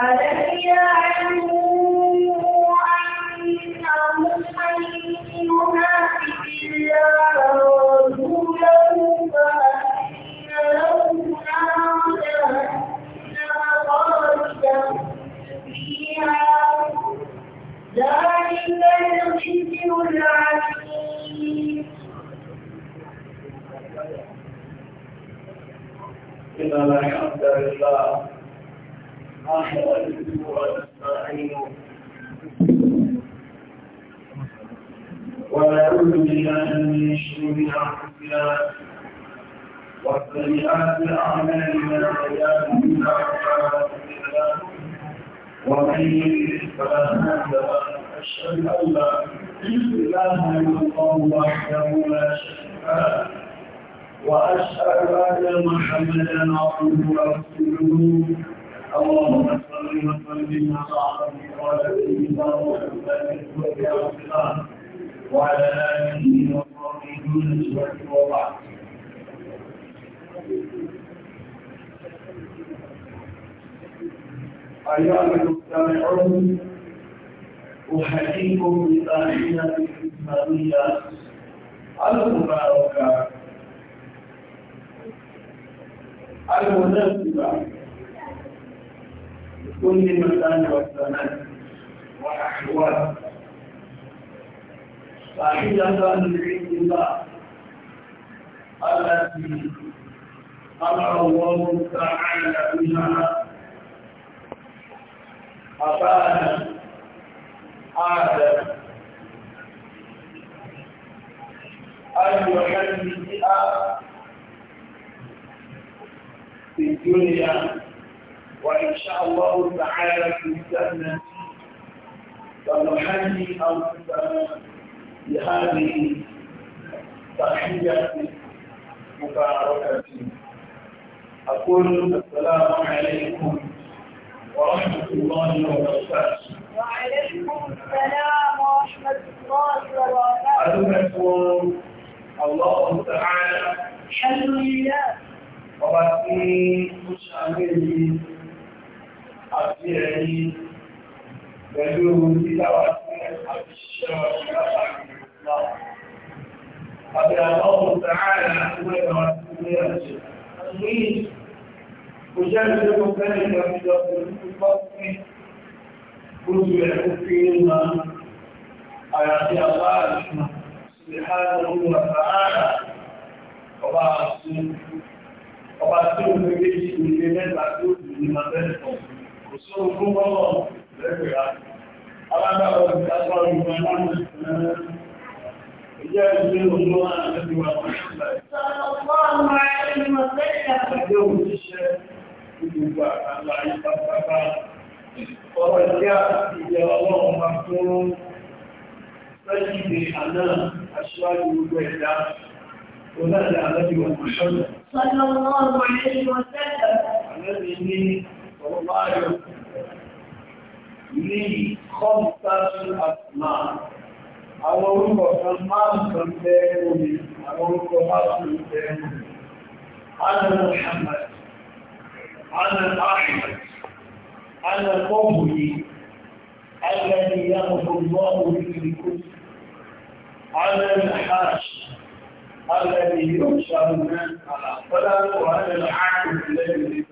ألم يعلموا أنه حي ينافق الله ورسوله فأن لهم نار جهنم فيها ذلك الخزي العليم إن الحمد لله ونعوذ بالله من شرور انفسنا وسيئات اعمالنا من يهده الله فلا مضل له ومن يضلل فلا هادي له اشهد ان لا اله الا الله وحده لا شريك له واشهد ان محمدا عبده ورسوله اللهم صل وسلم على سيدنا محمد وعلى اله وصحبه وسلم وبعد أيها المستمعون أحييكم بتاريخنا الإسلامية المباركة المناسبة كل وزمان والزمان والأحوال فعيدة عند الله التي أمر الله تعالى بها أبانا آدم أن يحدثها في الدنيا وإن شاء الله تعالى في الجنة فنحيي أنفسنا بهذه تحية مباركة أقول السلام عليكم ورحمة الله وبركاته وعليكم السلام ورحمة الله وبركاته الله تعالى الحمد لله عاملين àti ẹ̀yìn pẹ̀lú títàwà sí àti ṣíṣẹ́ ọ̀ṣẹ́ àti ìrìnlá. Àbí àwọn ọ̀sán Gbogbo ẹ̀kùn fi ń máa àyàtí àbáàrùn-ún sí ààrùn olúwà sàárà ọba àti ọba tí ó fẹ́ méjì ìgbé mẹ́ta tí ó sì ní máa bẹ́ẹ̀ sọ̀rọ̀. kò só ogún bọ́wọ́ lẹ́gbẹ̀ẹ́ rà. Alágbàwọ̀ ìdájọ́ ìgbà náà ìjẹ́ ìgbé òun wà lẹ́gbẹ̀ẹ́ wà fún ìgbà. Sọ̀rọ̀ ọmọ ẹni mọ̀ sẹ́yà. Ìjẹ́ òṣìṣẹ́ gbogbo àkàlà ìpàpàpà. Ọ̀rọ̀ ìjẹ́ àti ìjẹ́ ọlọ́run máa fún سيد الأمام أشواج الوحدة وماذا الذي هو محمد صلى الله عليه وسلم الذي صلى الله عليه وسلم لي خمسة أسماء àwọn orúkọ kan márùn kan tẹ́ omi àwọn orúkọ márùn tẹ́ omi ana muhammad ana ahmed ana mọ́bùnì alẹ́ni yàmùsùnmọ́ orílẹ̀-èdè ana al-hajj alẹ́ni yóò ṣàrùn náà àlàfẹ́lá wà ní àkùnrin lẹ́yìn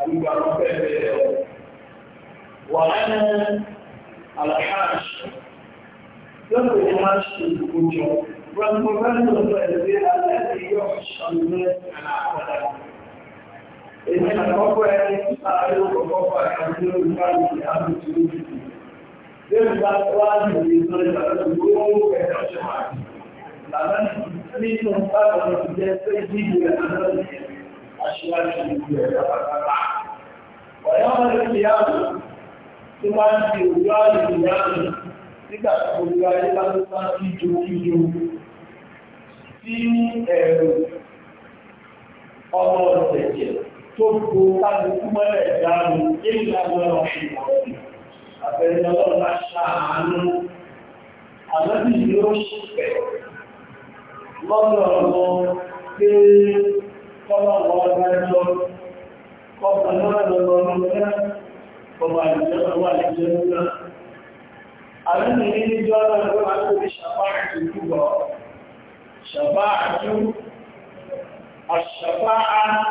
àdúgbò àwọn bẹ́ẹ̀ bẹ́ẹ̀ lọ. Wà á ní Alhaj lọ́pọ̀ ní máa ṣe ìgbòjọ. Rọ́pọ̀ rẹ́pọ̀ pẹ̀lú bí aláìsí yóò ṣàlùmí àlàkọ̀dà. Èmi àkọ́kọ́ ẹni sáré ọkọ̀kọ́ àti olùkọ́ni àbùtù lójijì. Bẹ́ẹ̀ni bá wá ní ìlú ìgbàlódé gbogbo ẹ̀dá ṣe máa. Làbẹ́ nínú bá wọn ti jẹ́ pé jíjẹ àlọ́ ìyẹn aṣíwájú ìlú ẹ̀rọ pàtàkì. Ọ̀yọ́ mẹ́rin ti yáàmù tó máa ń fi òwú ààrẹ ìyáàmù nígbà tí gbogbo ayé bá ló bá kíjo kíjo sí ẹ̀rọ ọmọ ọ̀sẹ̀jẹ̀ tó gbogbo kálukú mọ́lẹ̀ ìdáàmù èyí lágbára ọ̀ṣun àfẹ́rẹ́ ọlọ́run bá ṣàánú àlọ́bí yóò ṣẹ̀fẹ̀ lọ́dọ̀ ọ̀gbọ́n pé kọ́lọ̀ wọ́n dájọ́ kọ́kọ́ náà lọ́rọ̀ náà kọmọ àìjẹ́ ọwọ́ àìjẹ́ náà àrẹ́mì ní jọ́ lọ́rọ̀ àti ṣàfáàtì púpọ̀ ṣàfáàtì àṣàfáà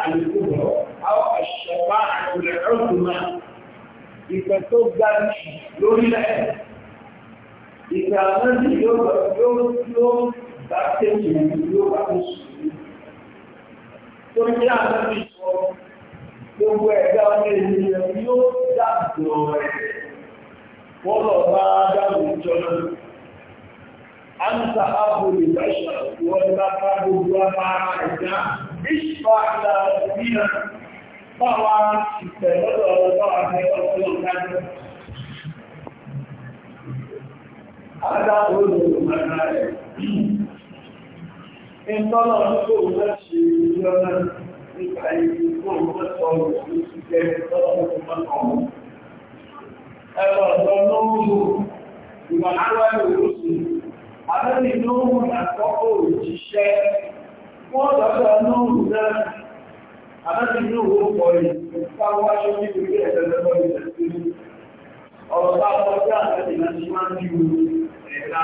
àìkúbọ̀ àwọn àṣàfáà àìkúbọ̀ ìpẹ̀ tó ga jù lórílẹ̀ ìpẹ̀ àmọ́ yóò bá tẹ́jì yóò bá tẹ́jì torí pé àwọn ti sọ gbogbo ẹ̀dá ọmọ ènìyàn yóò dàgbò rẹ̀ wọ́n lọ bá dáwò ìjọ náà. a ń ta ààbò ìdáṣà wọ́n bá bá gbogbo apára ẹ̀dá ìṣọ́ àdá ìrìnà báwa ìfẹ̀ lọ́dọ̀ báwa fẹ́ ìtọ́lọ̀ tó wọ́n ṣe lọ́nà nípa ìlú tó wọ́n sọ òun ti jẹ́ tọ́lọ̀ tó máa kàn wọ́n. Ẹ̀rọ ọ̀dọ́ lóòrò ìwà aláwẹ̀ òrùsù, àlẹ́ni lóòrò àkọ́kọ́ òjíṣẹ́, wọ́n lọ́dọ̀ lóòrò náà, àlẹ́ni lóòrò pọ̀ ìfáwáṣọ́ níbi ẹ̀rọ lọ́dọ̀ ìtẹ̀sílẹ̀. Ọ̀rọ̀ bá kọjá àlẹ́ni láti máa ń bí ẹ̀dá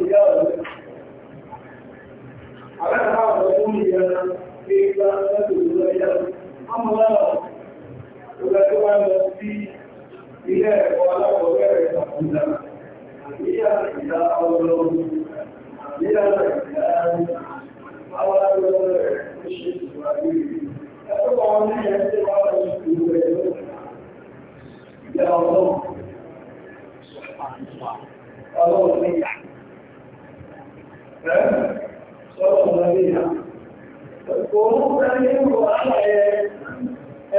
náà tó lẹ́tọ́ wá lọ sí ilé ẹ̀kọ́ alákọ̀ọ́bẹ̀rẹ̀ ìpàkúdà níyà ìdá ọlọ́run níyà ìdá àwọn alákọ̀ọ́bẹ̀rẹ̀ ìṣe ìwádìí ẹ̀kọ́ wọn ní ẹ̀ṣẹ́ wá lọ sí ìlú ẹ̀ ìdá ọlọ́run ọlọ́run níyà ẹ̀ sọ́rọ̀ ọlọ́run níyà Kò ń sáré ń bọ̀ láàárín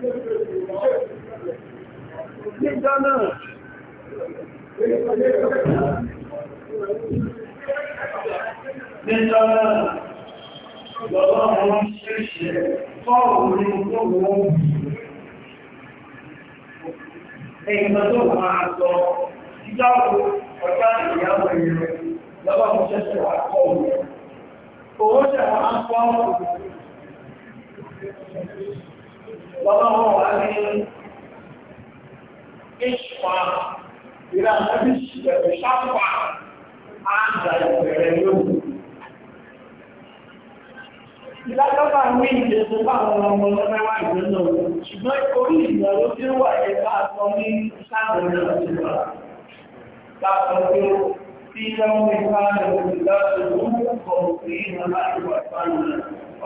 先生，先生，老板好，谢谢，中午的中午，那个中午饭桌，中午在家里两个人，老板不接受外送，或者打包。ọlọ́run wà ní ìṣùpá ìlà àti ìṣẹ̀lẹ̀ ṣàpá àgbà ìbẹ̀rẹ̀ lóhùn. Ìlágbàbà ní ìjẹ́ tó bá àwọn ọmọ ọlọ́mẹ́wà ìwé náà, ṣùgbọ́n orí ìgbà ló tí ó wà ẹgbà àtọ́ ní sáàbẹ̀rẹ̀ àti ìgbà. Láàpọ̀ tí ó tí lọ́wọ́ ìpá rẹ̀ òṣìlá ṣe lóòkọ̀ọ̀kọ̀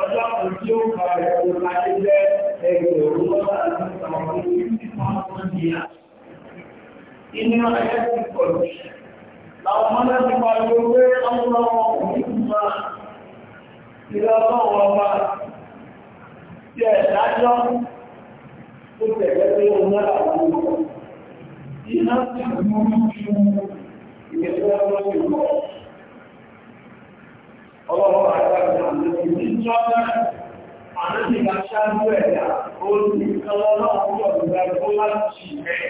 ọjọ́ ojú ọkọ̀ ẹ̀kọ́ láyé jẹ́ ẹgbẹ̀rún lọ́wọ́ àti ìtàwọn orílẹ̀-èdè Inú ayé ti pọ̀ jù. Làwọn ọmọdé ti pariwo pé ọmọ ọmọ òní máa ìlọ ọlọ́wọ́ ọba tí ẹ̀ dájọ́ tó tẹ̀lé pé ọmọ àwọn ọmọ. Iná ti mú ju ìgbésẹ̀ ọlọ́wọ́ ọlọ́wọ́ àgbàgbà ní láti ìgbà ṣáájú ẹ̀dà olùkọ́lọ́lọ́ ọjọ́ ìgbà tó láti ṣìfẹ́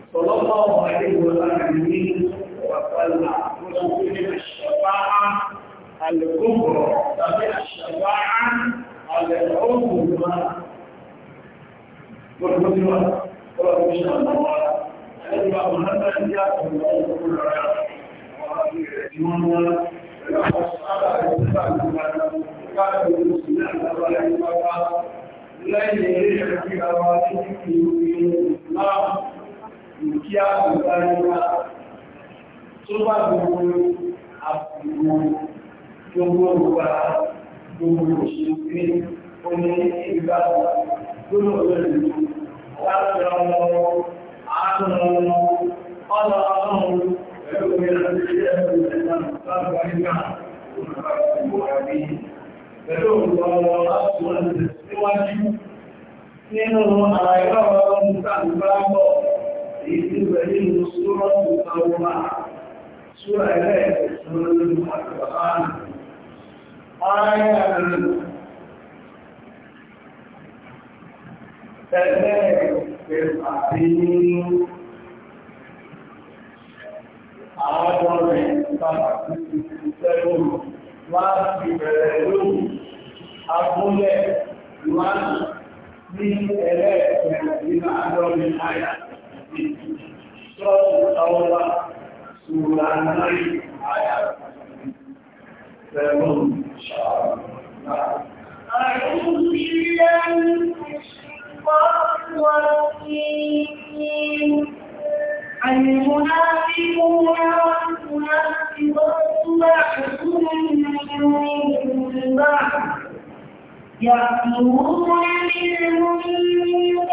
ìsọ̀lọ́pọ̀ ọmọ ẹgbẹ̀rún láti ní ọ̀pọ̀lá tó ṣe ní àṣẹ̀wá àlẹ́gbọ̀gbọ̀ tàbí àṣẹ̀wá àlẹ́gbọ̀gbọ̀ Gbogbo tí wọ́n, ọlọ́pọ̀ ìṣàlọ́wọ́, ẹgbẹ̀rún àwọn ọ̀nà ìyá ọ̀nà ìgbòrò rẹ̀, ọ̀rọ̀ ìrẹ̀ tí wọ́n wọ́n, ẹgbẹ̀rún àwọn ọ̀sán àti ìgbàlùmọ̀ káàkiri ìṣúná ìjọba ìjọba lẹ́yìn eré ẹ̀kí ara ní fífi ìrìn náà ìkí àgbà ìwà tó bá gbogbo àpòwò gbogbo ògbà gbogbo òṣèlú oní ìgbà gbogbo òṣèlú láti ọmọ àánú ọ̀nà ọ̀hún ẹ̀rọ ìrìnàjò ìṣẹ́ pẹ̀lú ọ̀rọ̀ láti wọ́n ti síwájú nínú àìrọ̀ ọdún sàgbàgbọ́ èyí tí pẹ̀lú ìlú súnmọ́ ìtàwọ́mà súnmọ́ ẹ̀rẹ́ ìṣúná lórí àtàkùn ààrẹ ẹgbẹ́ ìpẹ̀lú àwọn ọmọ rẹ̀ bá ti ti tẹ́lú láti bẹ̀rẹ̀ lórí agúnlẹ̀ ìwádìí ní ẹlẹ́ẹ̀kẹ́ nínú àádọ́rin àyà sọ́ọ̀tù ọwọ́lá ṣùgbà náà àyà pẹ̀lú ṣàrà أعوذ بالله من الشيطان الرجيم المنافقون والمنافقات بعضهم من بعض يأمرون عن المعروف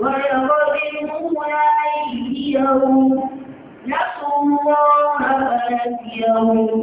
ويقبضون أيديهم نسوا الله فنسيهم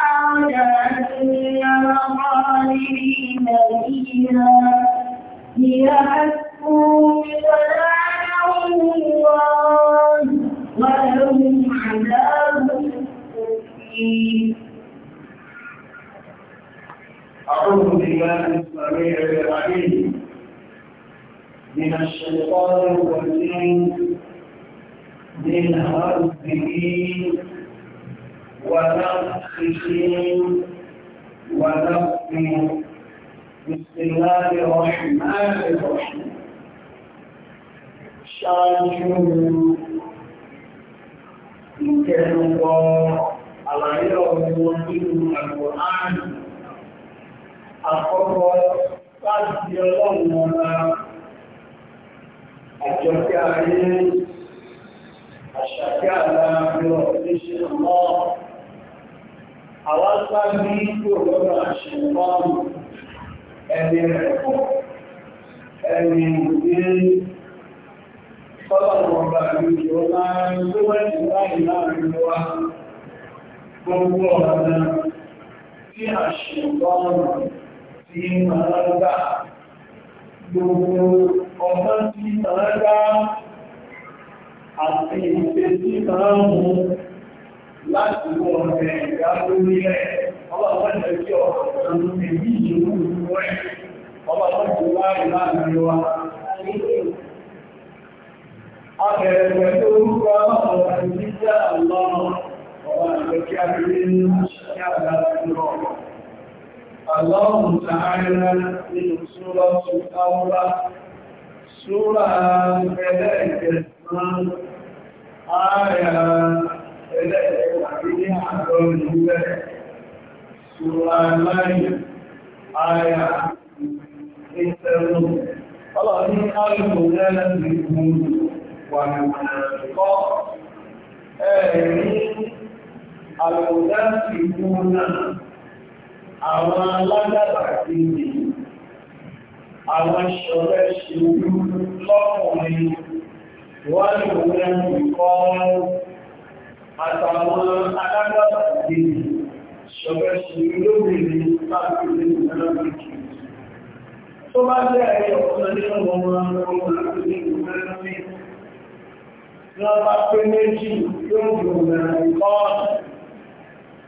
tó bá jẹ́ ẹ̀yọ̀ ọ̀nà nínú ọmọ ọmọ láti ní ìgbẹ̀rẹ̀ ní wọ́n bá pé méjì yóò gbòmìnà ìkọ́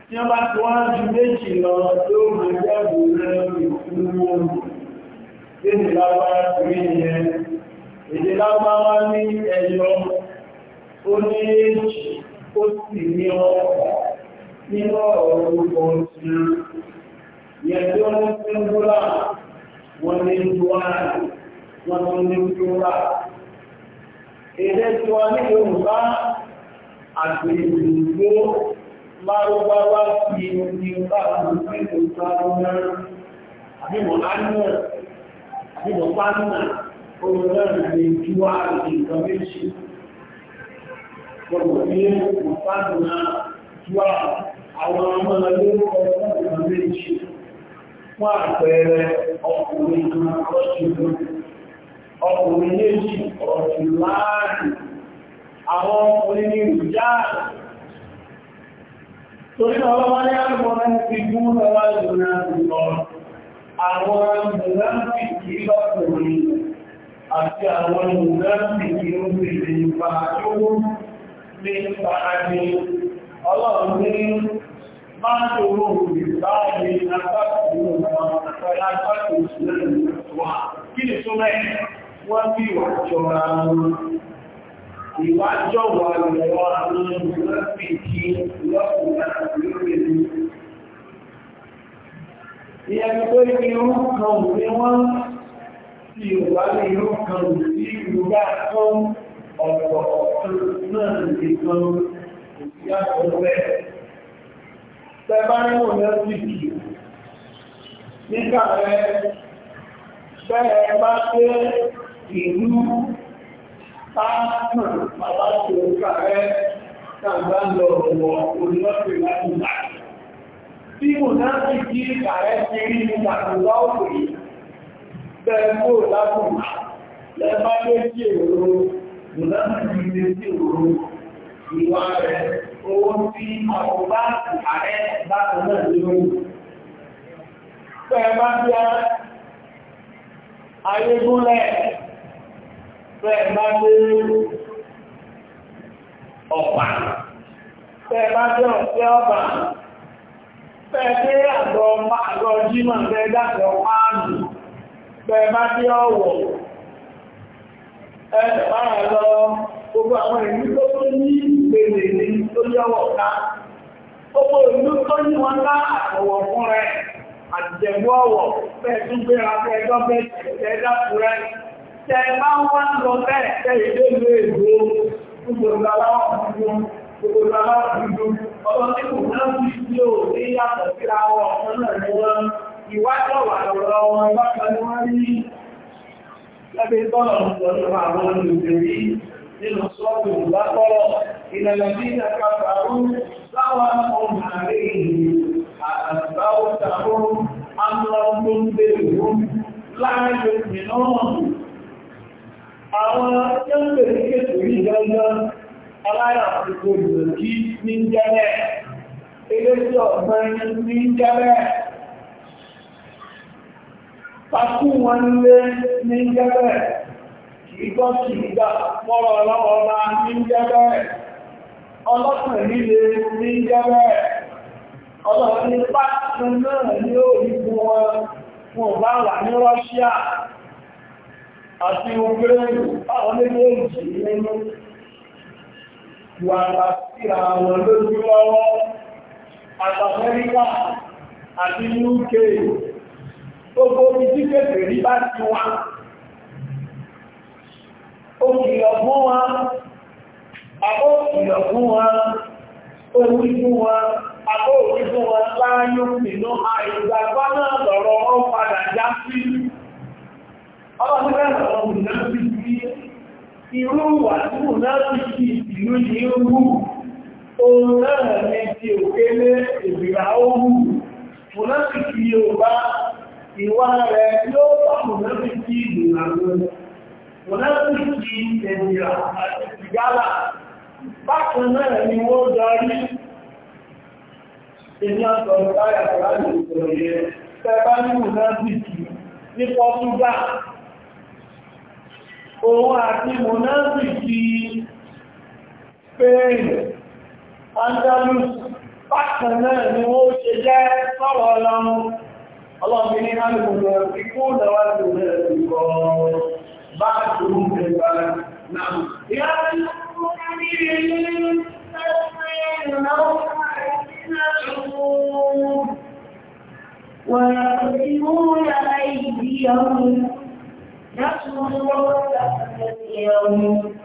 tí wọ́n bá tí wọ́n ju méjì lọ yóò máa jẹ́ gbòmìnà ìkúrú èdè lágbára torí ìyẹn èdè lágbára ní ẹ̀yọ ó ní èjì ó sì ní ọkọ̀ nínú ọ̀rọ̀ orúkọ ti yẹn tí ó ń sínú láàá wọ́n ní duwani wọ́n tún ní dúrà èdè tiwa ní yorùbá àti ìlúgbó lárúbáwá fi ní báwọn ìlú sárúná àbíbọ̀ lánàá àbíbọ̀ pánà olùrẹ́rìn lè juwá nǹkan méjì gbogbo ní ìpánà juwá fún àpẹẹrẹ ọkùnrin ọ̀ṣùgbọ́n ọkùnrin méjì ọ̀ṣù láàrín àwọn ọkùnrin ní ìjá torí ọlọ́wọ́ ní àgbọ̀nà ti gún lọ́wọ́ ìrìnà ìlọ́ àwọn ìrìnàmì kìí lọ́kùnrin àti àwọn ìrìnàmì kìí ó bèèrè ìpàdé ó ní ìpàdé ọlọ́run ní máa tó wọ́n òbí báyìí látàkì ìwọ̀n látàkì ìṣẹ́lẹ̀ ìwà kí ni tó mẹ́rin wọ́n bí wà jọra wọn ìwà jọwà lọ́wọ́ àwọn olóòpìkì lọ́pùpù ìyẹn tó ní irú kan ní wọ́n tí ìwà ní irú kan sí ìrúgbà kan ọ̀pọ̀ ọ̀pọ̀ náà nìkan kò sí àkọ́lẹ̀ tẹ́bá ní mò ní ọ́sìkì nígbà rẹ̀ bẹ́ẹ̀ bá pé ìlú táàkùn pàtàkì òkà rẹ̀ tàbá lọ ọ̀wọ̀ olóòfin láti gbà. Bí mò ní ọ́sìkì ààrẹ ti rí ní àtúgbà owó tí àwọn bá ààrẹ bá tọ́lá lórí. Pẹ̀lú bá bí ayé gúnlẹ̀, pẹ̀lú bá bí ọ̀pá, pẹ̀lú bá bí ọ̀pẹ́ ọ̀pá, pẹ̀lú àgọ́ àgọ́ jímọ̀ pẹ̀lú dàgbọ̀ áàmì, pẹ̀lú bá bí ọ̀wọ̀, ẹ̀ẹ̀bá lọ gbogbo àwọn ìlú tó tó ní èrè ní tó yọ́wọ̀ ká gbogbo ìlú tó ní wọn ká àtọ̀wọ̀ fún rẹ àtìjẹ̀bú ọ̀wọ̀ pẹ̀tún gbéra pẹ̀ẹ́dọ́ bẹ̀ẹ́dàkùrẹ́ bá wọ́n ní wọ́n ìwádọ̀ wà lọ́rọ̀ wọn bákan ní nínú sọ́ọ̀bù ìbákọ́rọ̀ ìlànàbí ìdàkàfàrú láwọn ohun ààrẹ ìlú àtàbáwọ́tàrún amúlọ́gbọ́nbẹ̀rún láàájú mìíràn àwọn jẹ́mbẹ̀rẹ̀ kéèkèé ìjọ́jọ́ aláyàfúgbò ìrọ̀kí ní jẹ́rẹ̀ eléjì ọ̀gbẹ́ni ní jẹ́rẹ̀ Pakú wọn lé ní jẹ́rẹ̀ ìgbọ́sí ìgbà mọ́rọ̀ ọlọ́wọ́ ní jẹ́bẹ̀ ọlọ́sàn líle ní jẹ́bẹ̀ ọlọ́run pàtàkì náà ní orígun wọn fún ọba wà ní Rọ́ṣíà àti Ukraine gbogbo ibi tí kèfèrí bá ti wá ó fún wa àbó kìlọ̀ fún wa owí fún wa àbó fún wa nínú náà lọ̀rọ̀ padà já sí ọlọ́pẹ́lẹ́ àwọn sí irú wà tí sí ìlú mọ̀lẹ́bùsì ènìyà àti ìgbàlá bákan náà ni wọ́n darí ènìyà sọ̀rọ̀ láyà pẹ̀láyà ìsọ̀rọ̀ yẹ tẹ́bá ní mọ̀lẹ́bùsì ní pọ́túgbà òun àti mọ̀lẹ́bùsì spain andalus bákan náà ni wọ́n ṣe jẹ́ sọ̀rọ̀ ọlọ́run ọlọ́run ní hàn بعضهم لبعض نعم يا المؤمنين ويقسمون أيديهم نصر يوم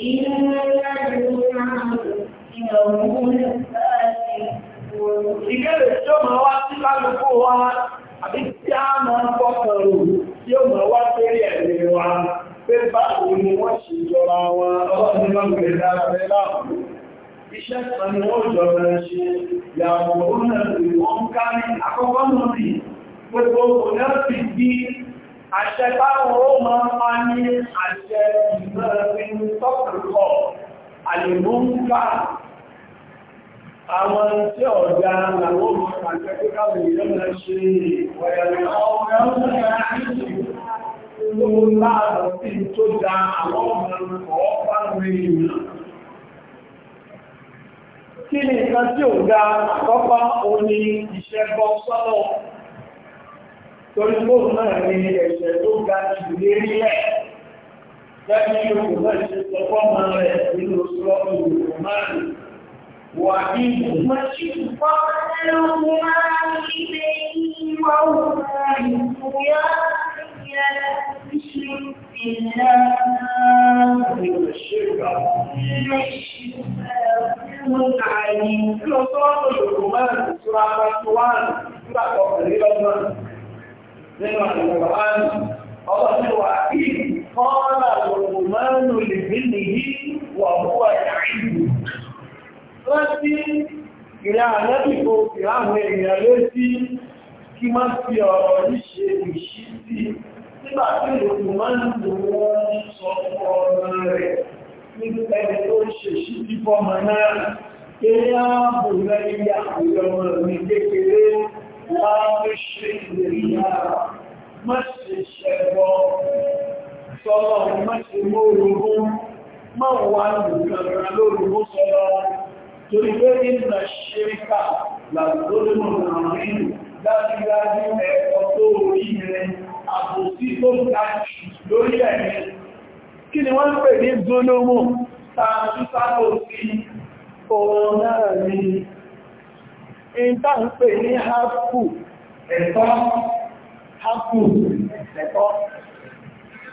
إن الجنة يوم الفاسق. Ìgbẹ́rẹ̀ tí ó máa wá sí lálùkù wa àbí tí a máa ń fọ́kàn rò tí ó máa wá sórí ẹ̀mí wa pé báwo ni wọ́n ṣe jọra wọn ọlọ́run iṣẹ́ kan ni wọ́n jọra ṣe yàwó ọ̀nà ìwọ̀n kárí àkọ́kọ́ náà sì gbogbo ọ̀nà sì bí àṣẹ táwọn ó máa ń pa ní àwọn tí ọ̀dá na pàtẹ́ tó ṣe ìwọ̀yẹ̀lẹ̀ ọmọ ọmọ kí ni nǹkan tí ò dá àkọ́kọ́ oní iṣẹ́ bọ́ sọ́lọ̀ torí bóòrùn náà ẹ̀ṣẹ̀ tó ga jù ṣe rẹ̀ nínú وإن فضلهما لبني وهما يسيان يشرك بالله من الشرك العليم كل صوت الرمان سورة الرحمن سورة قريبة من القرآن الله وإن قال الرحمن لبنه وهو يعيد rántí ìrẹ́ àlẹ́bìkò fi àwọn èèyàn lé sí kí má fi ọ̀rọ̀ níṣe ìṣí sí nígbà tí ìlú máa ń lò wọ́n sọ ọ̀rọ̀ rẹ̀ ní ẹni tó ṣe sí bíbọ́ mọ̀ náà eré ààbò lẹ́yìn àwùjọ sọ́lọ́ torí pé ìlà ṣeríkà làgbólómọ̀ àárín dájúdájú ẹ̀kọ́ tó orí rẹ̀ àbòsí tó ga lórí ẹ̀mí kí ni wọ́n pè ní gbólómọ̀ tààtúsáàbò sí ọ̀rọ̀ náà ni ìta ń pè ní hapù ẹ̀tọ́ hapù ẹ̀tọ́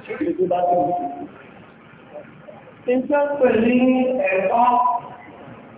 ṣe kìí tó bá tó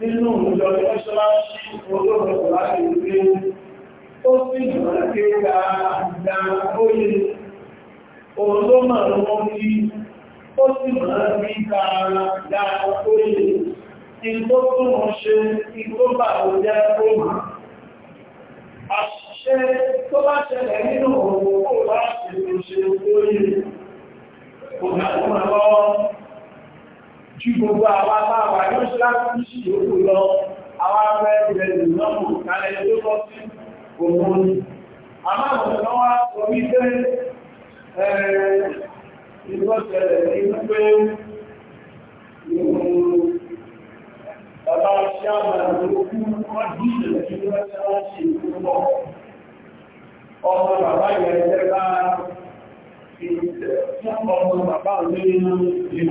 nínú ìjọ mọ́ṣáláṣí olóòrùn láti ilé ó sì mọ̀ kéka ìgbà óyè olóòmà wọn kí ó sì mọ̀ kíka ìgbà óyè ìtó tó wọ́n ṣe ìtó bà ó jẹ́ ómà àṣìṣe tó bá ṣẹlẹ̀ nínú òun kó bá ṣe kí gbogbo àwọn àbáwà yóò ṣe láti ṣì yóò lọ àwọn afẹ́ ìrẹ̀lẹ̀ lọ́pù kálẹ̀ tó lọ sí òun ni. Àmọ́ àwọn ọ̀nà wa sọ wípé ìgbọ́sẹ̀lẹ̀ ní wípé bàbá ṣe àmàlà ló kú wọ́n dí ìṣẹ̀lẹ̀ tí wọ́n ṣe wọ́n ṣe ìfúnpọ̀. Ọmọ bàbá yẹn jẹ́ bá fún ọmọ bàbá òun ní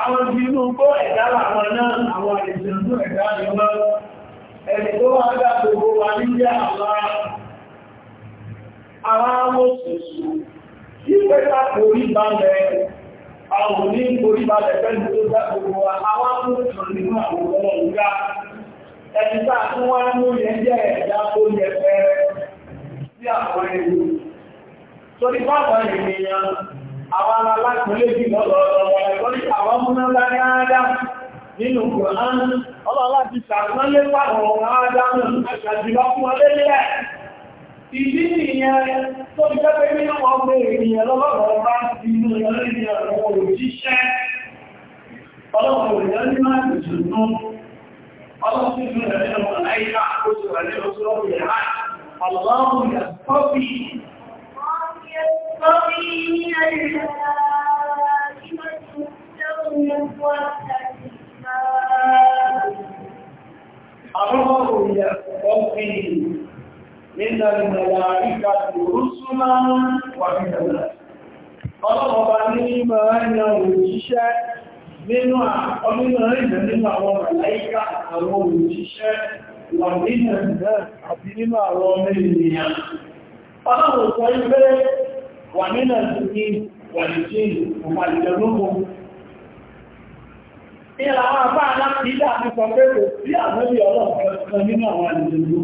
àwọn tí inú kó ẹ̀dá làwọn náà àwọn ìṣẹ̀lú ẹ̀dá ni wọ́n ẹni tó wá dá gbogbo wa ní àwọn amóṣùṣù tí pẹ́ta orí balẹ̀ àwọn ní orí balẹ̀ pẹ́lú tó gbogbo wa àwọn amóṣùṣù nínú àwọn ọmọ àwọn alákùnléjì lọ́lọ́lọ́wọ́ ẹ̀kọ́ ní àwọn múnálá ní Adam nínú Kùrán ọlọ́lá ti sàmọ́lé pàwọn Adam àṣàjìlọ fún ọlẹ́lẹ́ ìdí nìyẹn tó ti pẹ́pẹ́ nínú ọmọ ènìyàn lọ́lọ́rọ̀ bá ti inú ìrìn àwọn òjíṣẹ́ ọlọ́rọ̀ ìrìn ní máa ti ṣùgbọ́n ọlọ́rọ̀ sí ìrìn àwọn àìyá àkóṣù àlẹ́ وقيل الملائكة استووا والأسماء أمروا يستوفي من الملائكة رسلا ومن الناس Ọlọ́pàá ní máa ń yan òjíṣẹ́ nínú ọmọdé ìrìnà nínú àwọn màláíkà àwọn òjíṣẹ́ wà nínú ẹ̀dẹ́ àti nínú àwọn ọmọ ènìyàn. Ọlọ́pàá sọ ibẹ́ ومن الجن والجن وما الجنوب Ìlà àwọn àbá aláàpìlà ti sọ pé kò sí àmọ́bí ọlọ́pàá nínú àwọn àjẹ̀lú.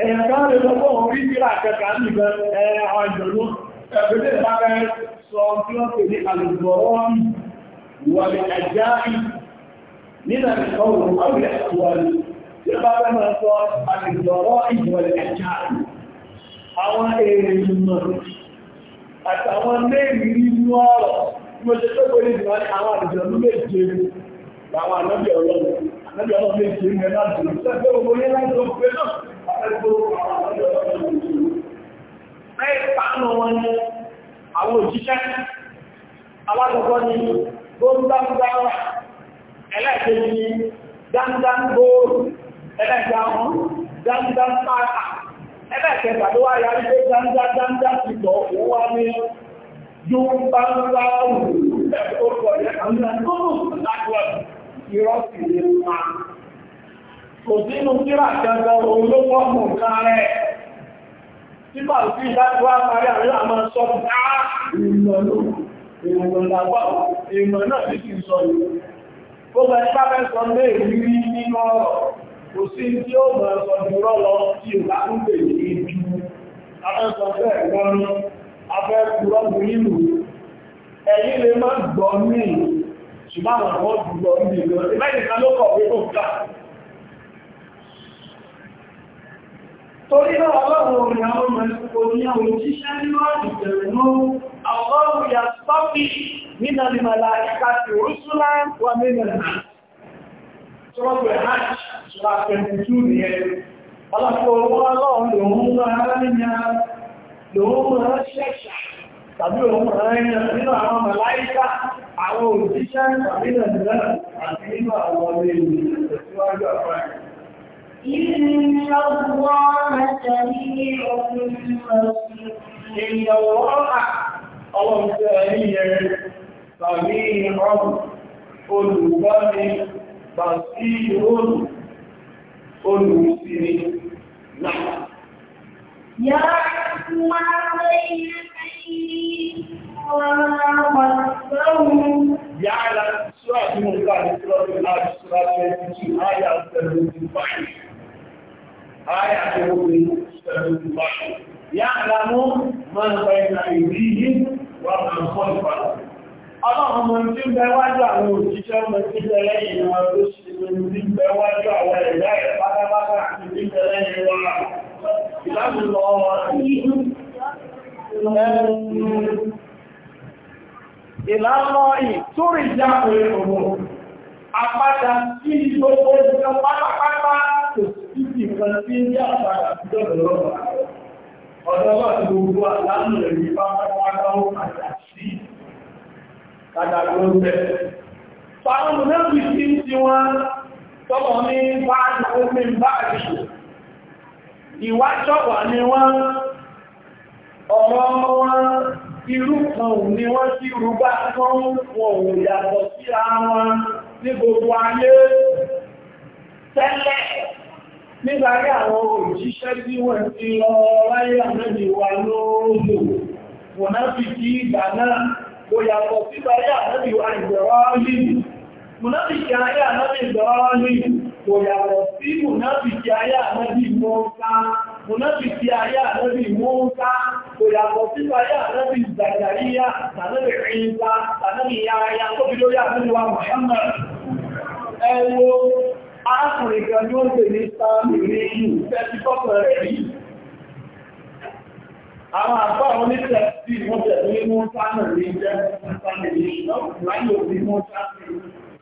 Èèyàn kan lè lọ́pọ̀ orí sílà kẹta nígbẹ̀ àwọn àjẹ̀lú. Ẹgbẹ̀lẹ̀ bá fẹ́ sọ tí ó pè ní àlùgbọ̀ọ́rùn wọ̀lẹ̀ àjá nínú ẹ̀kọ́ òun, ó àwọn èrè ìmọ̀ àtàwọn mẹ́rin nínú ọ̀rọ̀ tí mo ṣe tó pé ní ìwọ̀n àwọn àdìjọ ló méje àwọn ànábì ọlọ́run ànábì ọlọ́run méje ń mẹ́rin àdìjọ sẹ́gbẹ́ gbogbo ní láti ó pé náà àtẹ́gbẹ́ àwọn òjíṣẹ́ alákọ̀ọ́kọ́ ni gbóngbàmgbàmà ẹlẹ́ẹ̀kẹ́ ẹlẹ́kẹta ló wá yarí pé dáńdá dáńdá ti tọ̀ ó wá ní dúnbáńdáwù orúkọ yẹn àwọn ìgbóhùn lágbọ́n ìrọ́sì ní pa kò sínú kíra kankan òun ló pọ̀ mọ̀ kan rẹ̀ nígbà tí ìdájọ́ àparí àwọn àmọ́ sọ fún á ìmọ̀ ló ìmọ̀ làwọ̀ ìmọ̀ náà ní kí sọ yìí gbogbo ẹni bá sọ lé ìrírí nínú ọ̀rọ̀ kò sí tí ó mọ̀ ẹ̀sọ̀ jùlọ lọ sí ìlànà ìgbèyí afẹ́sọ̀fẹ́ ẹ̀gbọ́n ní afẹ́kùrọ́bù nílùú ẹ̀yí lè má gbọ́ ní ṣùgbọ́n àwọn ọmọ jùlọ ní ìlú ẹ̀mẹ́nìkan ló kọ̀ pé ó gbà torí náà ọlọ́run orin àwọn ọmọ ẹ̀sùn ní àwọn òjíṣẹ́ nínú àdìtẹ̀rẹ̀ ní ọlọ́run ya sọ́fí nínà ní màlá ẹ̀ka ti rúsúlá wà nínà náà ọlọ́pọ̀ owó ọlọ́run lòun máa ń ya lòun máa ṣẹ̀ṣà tàbí òun máa ń ya nínú àwọn màláíkà àwọn òjíṣẹ́ الله سميع بصير إن الله الله سميع سميع olùgbani bàtí olùsírí náà. Yá máa lẹ́yìn ẹ̀yìn Yára ṣúra tí mo gbà ní ṣúrọ́dún láti ṣúra tẹ́lú tí àyà ṣẹlú ti báyìí. Àyà ṣẹlú ti ṣẹlú ti báyìí. Yára mú máa ń bá ìrìn àìrí wà máa ń kọ́ ìpàdé. Ọlọ́run mọ̀ tí ń bẹ wájú àwọn òṣìṣẹ́ mọ̀ tí ń bẹ lẹ́yìn wọn ló ṣe mọ̀ tí ń bẹ wájú àwọn ẹ̀dá ẹ̀ pátápátá àti tí ń bẹ lẹ́yìn wọn. Ìlàmùlọ ìlàmọ́ ìtúrì jáwé òmò apáta tí gbogbo ìjọ kàdà ló ń bẹ̀. fáwọn náà fi sí ti wọn tọ́bọ̀ ní báàdì omi báàdì ìwájọ́wà ni wọ́n ọ̀rọ̀ wọn irú kan ni wọ́n sí rúgbà kan wọn ò yàtọ̀ sí àwọn ní gbogbo ayé tẹ́lẹ̀ nígbàrí àwọn òjíṣẹ́ tí wọ́n ti lọ láyé àmẹ́bí wa lóòrò wọ̀n náà fi kí ìgbà náà kò yàtọ̀ síta yà náàbì àìgbẹ̀rọ̀ yìí mùnábìkì ayé ànábì ìgbẹ̀rọ̀ yìí kò yàtọ̀ sí mùnábìkì ayé ànábì mọ́ọ́ká mùnábìkì ayé ànábì mọ́ọ́ká kò yàtọ̀ síta yà náàbì Zakariya tànábì ìrìnta tànábì yáya tó fi lórí ànábì wa Muhammad ẹwọ arákùnrin kan ni ó ń pè ní sáà àwọn àgbà àwọn oníṣẹ́ sí wọ́n jẹ̀ ní mọ́tánà ní jẹ́ fàmìlì láyé òbí mọ́tánà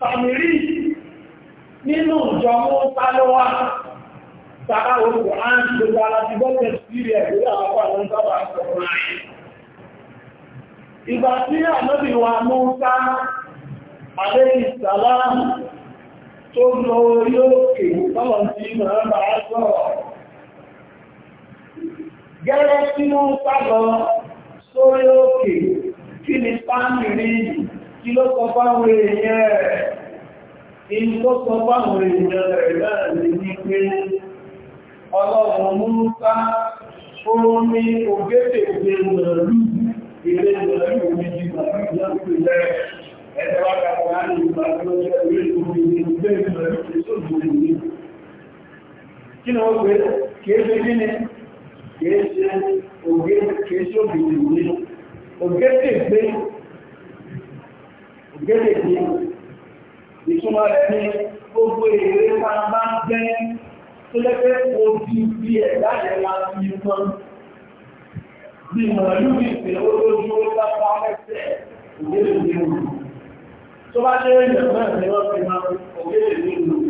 fàmìlì nínú ìjọ mọ́tá ló wà sára orúkọ áńtì gbogbo aláti gbọ́tẹ̀ sírí ẹ̀ lórí àwọn àwọn sábà sọ̀rọ̀ ayé ìgbà tí ànábì wa mọ́tá alẹ́ ìsàlá tó gẹ́rẹ́ tí ó ń sábọ̀ sórí òkè kí ni sáàmì rí kí ló sọ fáwọn èèyàn rẹ̀ in tó sọ fáwọn èèyàn rẹ̀ náà lè ní pé ọlọ́run múrúká ó ní ogébègbè mọ̀lú ilé mọ̀lú méjì mọ̀lú lọ́pìnlẹ̀ ẹ̀dẹ́wàkàtà láti ìgbàgbọ́ ilé ìgbàgbọ́ kìí ṣe ògé kìí ṣe ògèdè ní ògèdè gbé ògèdè ní ìtumọ̀ rẹ̀ ní gbogbo èrè sára bá ń gbẹ́ tó lẹ́gbẹ́ ojú bí ẹ̀ láyẹ̀ la fi tán bí màálù ìpè olójú ó lápá ẹsẹ̀ ògèdè ní ògèdè tó bá jẹ́ ìyẹ̀mọ́ ìrìnwọ́n fi máa ògèdè ní ògèdè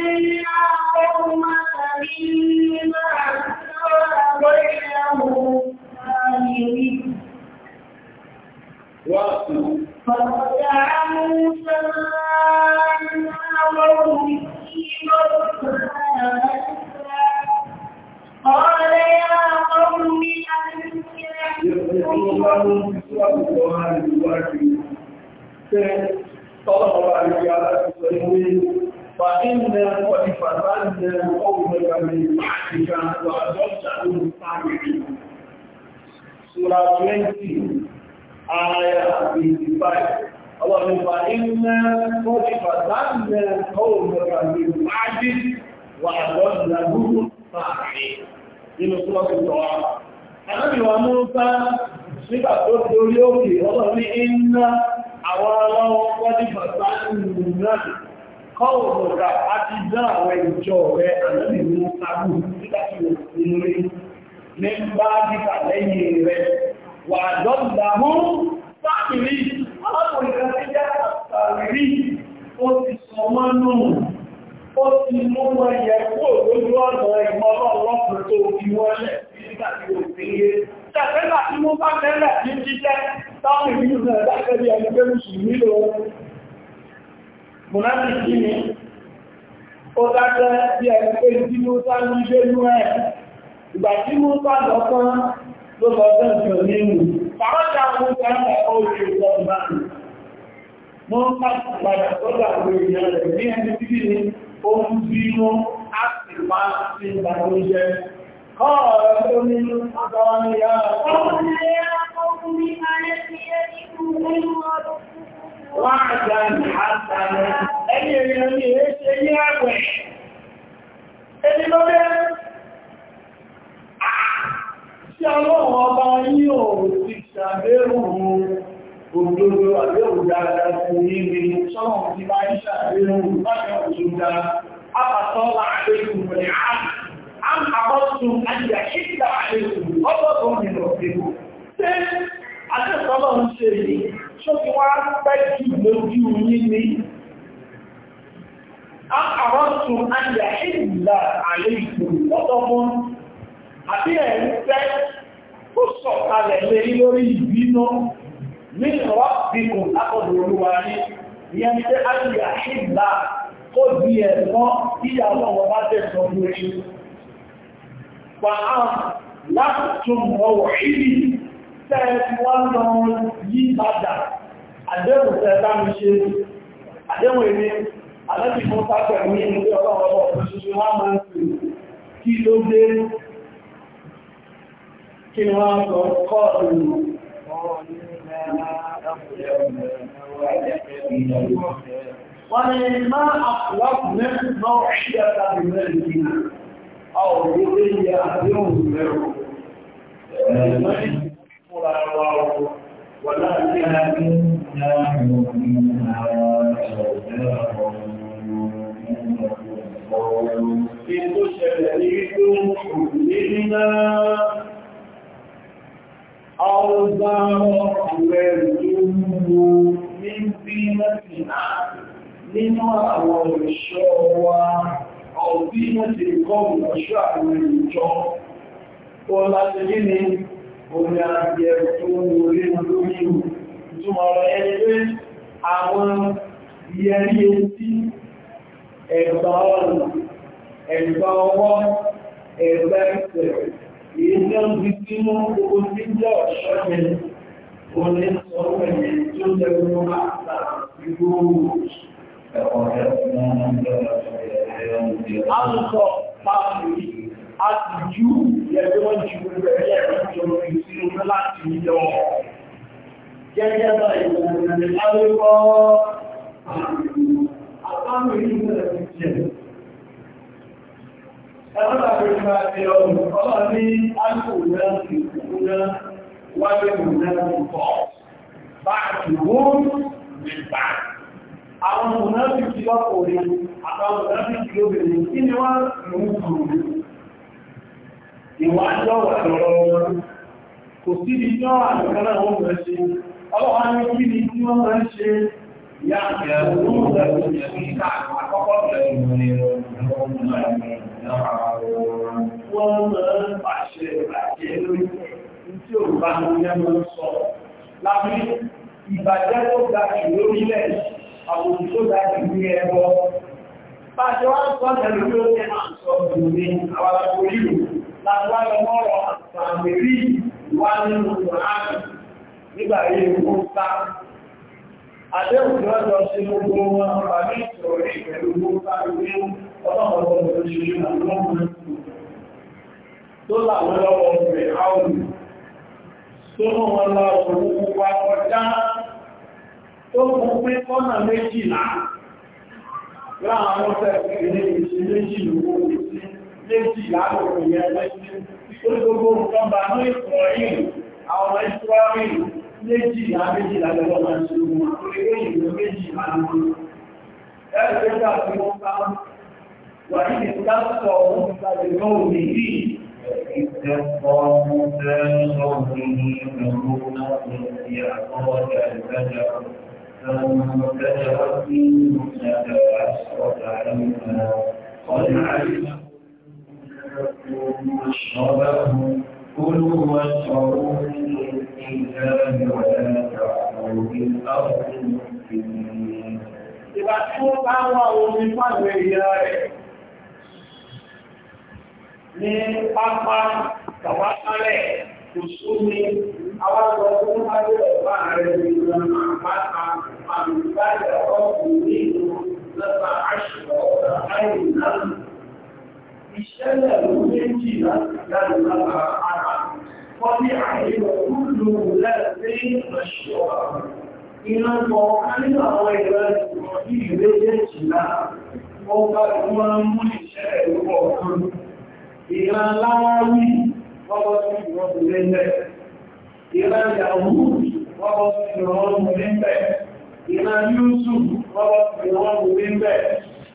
وآتينا قومك من بعد فقطع موسى نارهم في قال يا قوم أنتم طلب الله تعالى في فإنا قد فتنا قومك من بعدك وأدرتهم سامعين سورة 20 آية 55 اللهم فإنا قد فتنا قومك من بعدك وأدرتهم سامعين إن سورة الدعاء Àdábì wa mú bá nígbà tó dorí òkè ọlọ́rin iná àwọn aláwọ̀ pọ́dí bàbá ìlú náà kọ́ òmùdá àti dán àwọn ìjọ rẹ̀ àlọ́bì ní agbó nígbàtí òfin rí ní bá díkà lẹ́yìn rẹ̀ wà dọ́gbà mú fáàkìrí alákùnrin kan tí jẹ́ àtàrí ó ti sọ mọ́nù ó ti mú wọn yẹ kó lójú ọ̀nà ìmọ̀ ọlọ́pùn tó fi wọ́n lẹ̀ nígbàtí òfin rí tẹ̀fẹ́lá tí mo bá tẹ́lẹ̀ ní jíjẹ́ táwọn ìlú rẹ̀ lákẹ́lẹ̀ ẹgbẹ́ mùnábì kí ni ó dájẹ́ bí ẹni pé tí Musa ń gbé lú ẹ̀ ìgbà tí Musa lọ tán ló lọ sẹ́ǹtì òní ìlú fàájà Musa ń bẹ̀ ó ṣe ìjọba náà wọ́n bá padà sọ́dọ̀ rẹ̀ ní ẹni tí ní ohun bí wọ́n sí wáàdà àtàrẹ ẹni èèyàn ní èéṣe ní àwẹ̀ ẹni ló dé tí ọlọ́run ọba yí ò ti ṣàbẹ́rùn òdodo àbẹ́rùn dáadáa fún yíri sọ́run ti bá ń ṣàbẹ́rùn láti ọ̀tún dá apàtọ́ láàrin ìwọ̀n àmì àkọ́sùn àti àṣíkà àlejò ọgbọ́gbọ́n nìlọ̀ tó ti wá pẹ́ jù lójú yín ní àkàrọ̀tún ayà ìlà àlè ìgbòrò lọ́tọ́gbọ́n àti ẹ̀rí fẹ́ ó sọ̀kalẹ̀ lé lórí ìbínú ní ìrọ́bìkùn lápọ̀dọ̀ olúwa ní ìyẹn tẹ́ ayà ìlà ó di ẹ̀mọ́ ìyàwó wọn bá tẹ̀sán lórí wà á látún tẹ́ẹ̀fì wọ́n lọ yí padà àdéhùn tẹ́ẹ̀bá mi ṣe àdéhùn èmi alẹ́bì fún pápẹ̀ ní ilé ọlọ́wọ́ òṣìṣẹ́ wọ́n máa ń pè kí ló dé kí ni wọ́n sọ kọ́ ìlú wọ́n ni máa àpùwápù mẹ́rin náà ṣí àtàbí mẹ́rin kí ni a ò rí lé yẹ àdéhùn mẹ́rin fúnra wa o wà láti àbí láàrin òní àwọn ọ̀dọ́ àwọn Ètò ṣẹlẹ̀ ní wípé òkùnlé níná àwọn bá ọ̀rẹ́ ìlú mú ní kọ́ ìrọ̀ṣọ́ àwọn ìjọ. Ọlá ti gí omi àti ẹ̀rù tó ń wo lé lórí ìrù ìtumọ̀ ọ̀rọ̀ ẹni pé àwọn yẹrí etí ẹ̀gbà ọ̀rùn ẹ̀gbà ọwọ́ ẹ̀gbà ẹsẹ̀ èyí tí ó ti sí mú gbogbo tí jẹ́ ọ̀ṣọ́ yẹn ó ní sọ pẹ̀lú tó jẹ́ a sì jú ẹgbẹ́ wọ́n ju ẹgbẹ́ ìjọba ìsinmi láti yọ gẹ́gẹ́ bá ìwọ̀n alẹ́kọ́ àpáàmì ìlú ẹ̀sìn jẹ́ ẹ̀rọ àpẹẹrẹ àti ọ̀rọ̀ ọlọ́ ní alùpùpù náà sì kúrú náà wáyé wù náà sì kọ́ báàkì wọ́n nípa àwọn mùnáfíkì lọ́kùnrin àtàwọn mùnáfíkì lóbìnrin kí ni wọ́n lòún kúrú ìwà lọ́wọ́ lọ́rọ̀ wọn kò sí ní yọ́ àgbàkánà wọ́n mọ̀ ṣe ọlọ́wọ́ ní kí ni tí wọ́n mọ̀ ṣe ya àgbẹ̀rún lóòrùn ẹ̀rùn ìyẹ̀kí ká àkọ́kọ́ ìrẹ̀lẹ̀ ìrẹ̀lẹ̀ ìrẹ̀lẹ̀ ìrẹ̀lẹ̀ ìrẹ̀lẹ̀ ìrẹ̀lẹ̀ láwọn ọmọrọ̀ àmìrí wà nínú Kùránì nígbà yìí ó sá. Àdéhùn tí wọ́n gbogbo wọn pàdé ìṣòro ìpẹ̀lú ọlọ́pọ̀lọpọ̀ ìṣòro àlọ́mọ̀ tó làwọn lọ́wọ́ rẹ̀ áwùn tó mọ́ wọn tó méjìlá òun yẹn lẹ́sí ó gbogbo nǹkan bá ní ìpọ̀ yìí àwọn ìsúwárì méjìlá méjìlá lọ́wọ́ máa ṣe wọn de pé ìlú méjìlá ni wọn. ẹgbẹ́ gbà tí wọ́n bá wà ní ìdíkà sọ òun ti sáré lọ́wọ́ mi rí استقاموا سانهم يمرون مشربهم كلوا واشربوا من الكتاب ولا تعثوا في الأرض مفسدين Ìgbà tí ó bá wà omi pàdé ìyá rẹ̀ ní pápá kàwákálẹ̀ kò sómi àwọn ọ̀rọ̀ tó ń bá lè bá rẹ̀ ní ìlànà àpáta àmì ìbáyà ọ̀pọ̀ ní ìlú lọ́pàá àṣìkò ọ̀rọ̀ àìyí náà. ìṣẹ́lẹ̀ ló méjì láti dájú lára ara wọ́n ní àìyíwọ̀ kúrò lẹ́ẹ̀sí ìrìnàṣọ́ iná kọ nínú àwọn ìrìnàṣọ́ ìrìnlẹ́ méjìlá wọ́n bá ìwọ́n mú ìṣẹ́lẹ̀ lọ́pọ̀ ọ̀kan ìran láwárí wọ́n bọ́ sí ìwọ́n tó lẹ́lẹ̀ ìran yàwó wọ́n bọ́ sí ìwọ́n tó lẹ́lẹ̀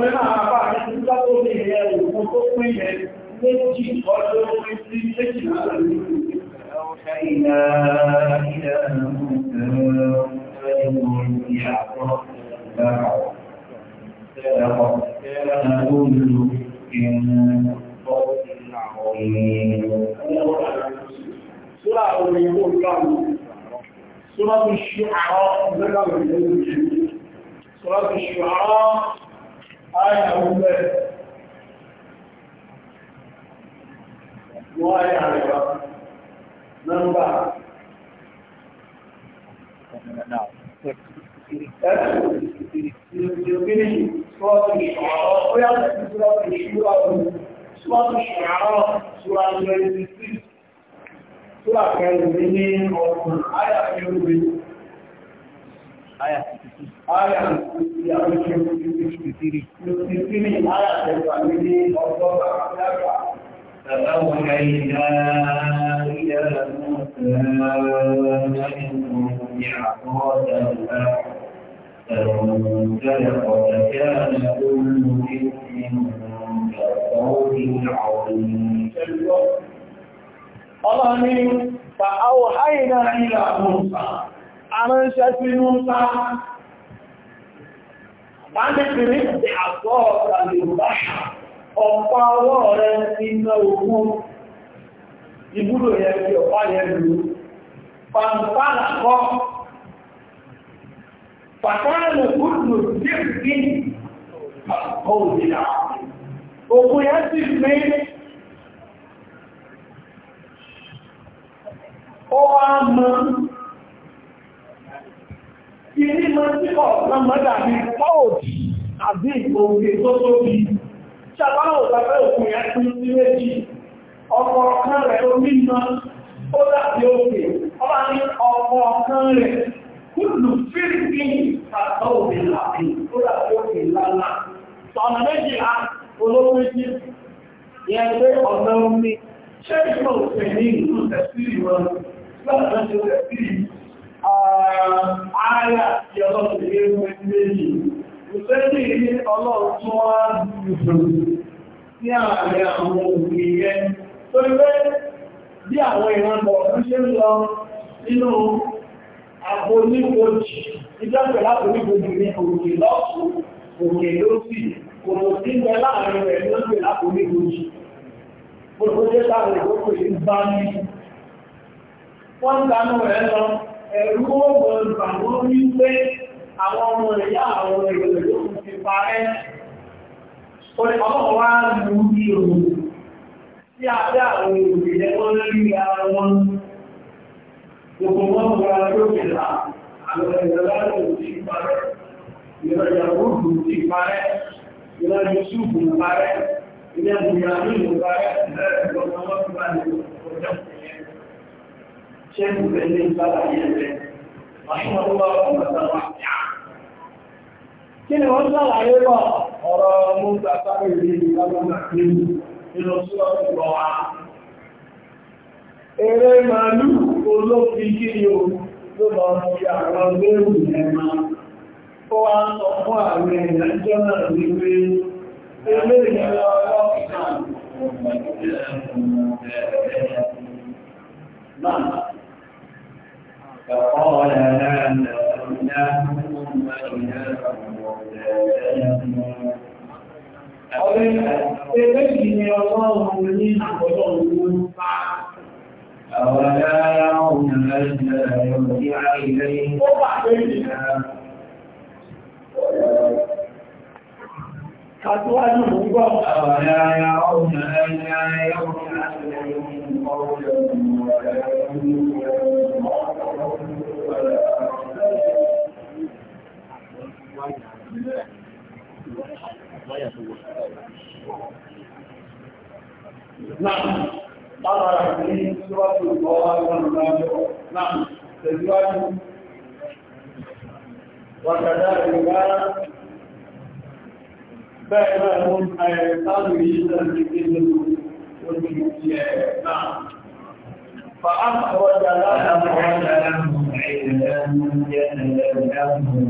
ọkùnrin náà bá àti nígbà tó ní ilẹ̀ òkun tó pín ilẹ̀ méjì ọjọ́ orí sí méjì náà ní ìlà ìlà Súra orin kó gbáàmù, súra tó ṣe àwọn ọ̀gbẹ́gbàmù ìlú ìjẹ́, súra tó ṣe àwọn Aya wúlẹ̀ wọ́n aya rẹ̀ wá nọ́mbà Súra kẹrin ní ọkùnrin, àyà fi ń rí. Àyà fi آية 53 آية فأوحينا إلى موسى أن بعصاته فانطلقت كان كل اسم كالصوت العظيم الله فأوحينا إلى موسى أرنشت موسى Báńdẹ́kìrí ti àpọ̀ ọ̀tàlẹ̀rùbáṣà, ọ̀pá ọwọ́ rẹ̀ iná ogun ìbúrò yẹ fi ọ̀pá yẹ lù. Pàǹpàlà kọ́, pàtàlù kúrò dìbì ọ̀dìnà. Ogun yẹ sì pé ó wá mọ́ Kìíní mọ́ sí ọ̀sán mọ́dà bí pọ́ọ̀dì àbí ìgbòǹgbè tó tóbi. Ṣàbáwò lábẹ́ òkun yẹn tún sí méjì. Ọkọ̀ ọ̀kan rẹ̀ omi mọ́, ó láti òkè, ọba ní ọkọ̀ ọ̀kan rẹ̀. Kúlù fíìsì àtọ́ òbí làbí, ó láti òkè lálá. Sọ̀nà méjìlá olówó jí, ìyẹn pé ọ̀nà omi. Ṣé ìgbà òfin ní ìlú tẹ̀sílì wọn? Láàrín ààyà uh, tí ọlọ́pẹ̀ ilé méjì ìfẹ́lì ní ọlọ́run tó ìjọ́pẹ̀ lápòníkojì ní òkè lọ́sùn òkè lósì kò mọ̀ sí ń láàrin rẹ̀ lọ́pẹ̀ lápòníkojì gbogbo jẹ́ láàrin ìgbókò yìí bá ní wọ́n ń tanú rẹ̀ lọ ẹ̀rú ọmọ ìgbà wọ́n rí pé àwọn ọmọ ìyá àwọn ìrọ̀lẹ̀ yóò fi parẹ́ ọlọ́wọ́ wá lú ní òun tí a fẹ́ àwọn ìròyìn wọ́n rí ara wọn gbogbo wọn wọ́n ló kẹta àwọn ìrọ̀lẹ́ ti parẹ́ ti parẹ́ ìrọ̀lẹ́ ṣùgbọ́n شيخ الإسلام صلى الله رحمه فقال هذا أبناؤكم وإلهكم وأولادكم أولئك تبين الله من قلوبهم أولا يرون ألا يرجع إليهم Kàtíwájú mú gbọ́ àwọn ará ọ̀nà ẹ̀yà ẹ̀yà ọ̀nà àti ẹ̀yìn ọ̀rọ̀ ẹ̀yìn ọ̀rọ̀ ẹ̀yìn ọ̀rọ̀ نعم قال في سورة القرآن نعم تزواج وكذلك بينهم أيقان بالذكر والمسيح نعم فأخرج لهم عيدا يتلذذهم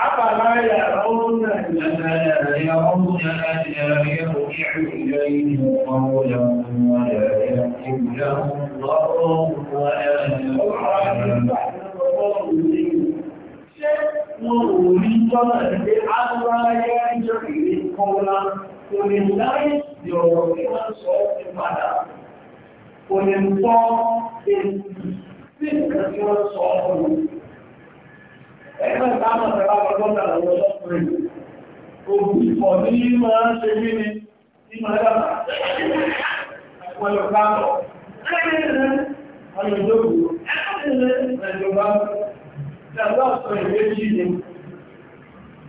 أفلا يرون أفلا يرون ألا يرجع إليهم قولا ولا يكتب لهم ضرا ولا يرحم وأريد أن ألا يرجع إليهم قولا ولله يرحم صوت مدى ولله يرحم صوت مدى ẹgbẹ́ táwọn ọ̀sẹ̀lá ọgọ́ta lọ́wọ́ lọ́pùrẹ̀ ogun ìfọ̀ ní máa ń ṣe mí ní ìmọ̀ ẹ̀dàmà ẹ̀kọ́lọ̀pàá ọ̀yọ̀dógún ẹ̀kọ́lọ̀pàá ẹ̀kọ́lọ̀pàá ọ̀sọ̀ ìwéjì ni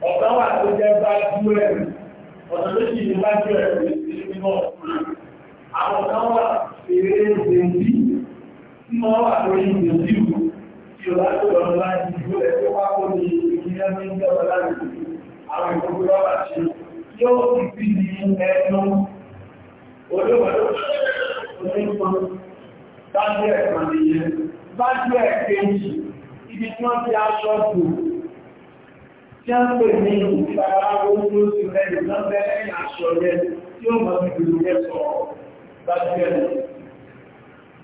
ọ̀pá wà tó jẹ́ bá jú ẹ̀rù ọ̀sọ̀ méjì ni bá jú ẹ̀rù ìsinmi náà àwọn kan wà fèrè èdè bí wọ́n wà lórí ìdè Yorùbá tó lọ lọ láti ìlú ẹ̀ tó wá kó ní ìpínlẹ̀ ní ìjọba láti àwọn ìgbógun lọ́wọ́ ṣe yóò ti fi ní ẹnu olóòwò onígbọn dájú ẹ̀kan nìyẹn dájú ẹ̀kejì ibi tí wọ́n ti aṣọ tù tí wọ́n pè ní ìgbàlá ojú oṣù rẹ̀ lọ́bẹ̀ẹ́ aṣọ rẹ̀ tí ó mọ̀ sí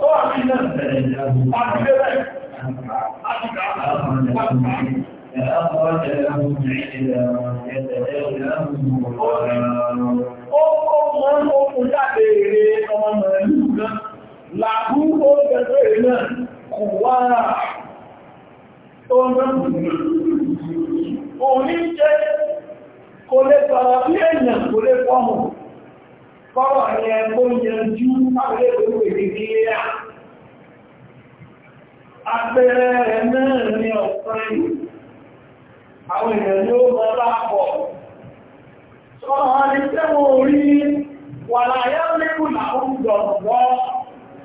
tó wà ní náà bẹ̀rẹ̀ àti bẹ̀rẹ̀ àti bẹ̀rẹ̀ أخرج لهم عيدا يتدلهم Ọmọ ọmọ jáde jẹ́ kò lè sọ̀rọ̀ bí èèyàn kò lè fọ́mù kọ́rọ̀ yẹ kó yẹnjú pàdé ìlú ìdíkíyà apẹ̀rẹ̀ rẹ̀ náà ní ọ̀pẹ́ àwọn èèyàn ni ó mọ́ lápọ̀ sọ́rọ̀ ní tẹ́wọ̀ orí wà láyé lẹ́kù làúgbọ̀ wọ́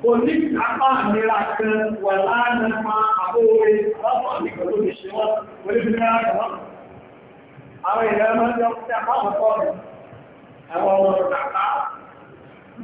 kò ní apá àmìlà kan wà láàrín máa àbóore ọ̀pọ̀ àmìkọ̀ tó lè ṣe wọ́n orí fi mẹ́ra kan àwọn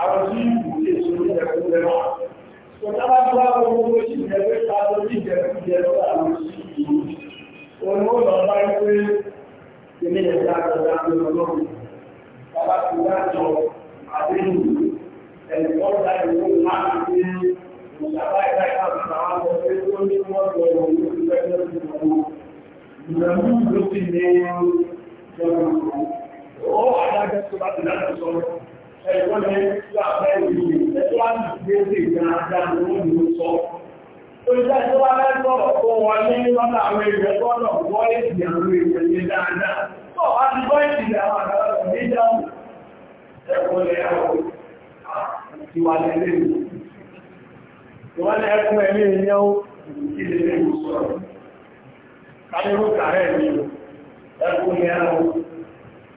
àwọn tí ìbò lè so ní ẹ̀kúnlẹ̀ náà Ọ̀tàbájúwá gbogbo sí ìjẹ̀wé ta ló ní ìjẹ̀kúnlẹ̀ lọ́wọ́ àwọn sí ìlú. Òun ó lọ bá ń pé ilé ẹ̀dá àjọ̀dá lọ́wọ́. Bàbá ti dájọ́ àdéhùn ẹ̀kọ́ ọ̀dá ìwé máa ń pé ìjàmbá ìdá ìkàkùn àwọn ọmọ pé ó ní wọ́n lọ òun ló ti fẹ́ lọ́wọ́ ìgbàlú. Ìgbàlú ló ti ní ọjọ́ ìgbàlú. Ó adájọ́ tó bá ti dájọ́ sọ́rọ̀. lẹ sí àpẹ ọrụ ọrụ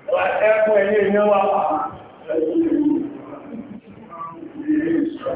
ọrụ ẹkùn ìyẹn wà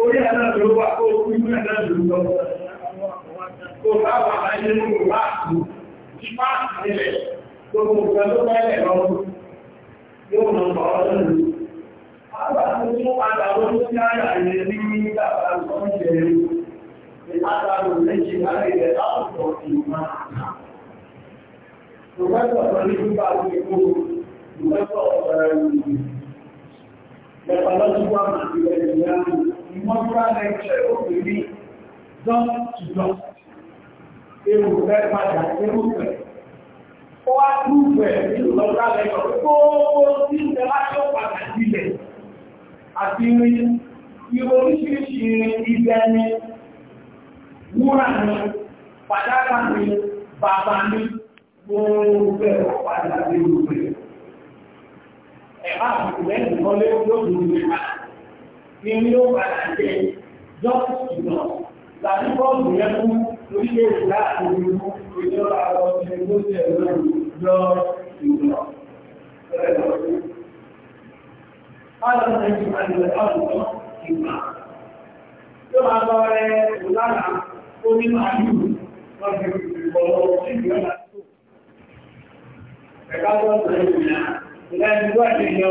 orí ẹ̀nà ló wà kó kúrú ẹ̀nà lọ kó káwà láyé ní kò wá àtúnú àtìlẹ̀ tó kò fẹ́ tó lọ́wọ́ yóò mọ̀ ọ́ lọ́rùn àwọn àtúnú àtàwọn tó ti àyà yẹn ní ìgbàgbà tó ń jẹ ìpátàlù méjì láti rẹ̀ láàpọ̀ ìmọ̀lúra lẹ́kṣẹ̀ ó pè ní dán to dán èrò rẹ̀ padà èrò rẹ̀ ó wá túbẹ̀ nínú lọ́lá lẹ́kṣọ̀ gbogbo tí ń tẹ́lá tó padà sílẹ̀ àti rí ìwọ oríṣiríṣi ibẹ̀ ni wúrà ni pàdákà ni bàbá ni gbogbo ẹ̀ padà èrò rẹ̀ ẹ̀bá àpùpù lẹ́yìn ni yóò padà jẹ́ jọ́sì náà bọ́ọ̀lù yẹn fún orílẹ̀ láti rí ìjọba àwọn ọmọdé tó ṣe ẹ̀rọ jọ́sì náà. Ọlọ́run ti máa ń lọ ọ̀dọ́ ìgbà. Tó máa lọ rẹ̀ lánàá ó ní màálùú wọ́n fi ìbọ̀lọ́ sí ìgbà tó. Ẹ̀ka tó ń sọ ìgbìyànjú lẹ́nu wọ́n ti yọ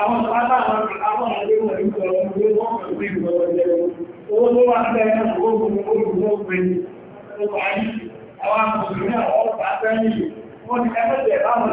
àwọn ọ̀pátá àwọn àdéhùn ìgbọ̀n ìgbọ̀n ìgbọ̀n ìgbọ̀n ìgbọ̀n owó tó wà ní ẹ̀yà gbogbo olùgbò pẹ̀lú ọkọ̀ ayé àwọn àmọ̀sílẹ̀ ọ̀pá tẹ́lẹ̀ wọ́n ti ẹgbẹ́sẹ̀ àwọn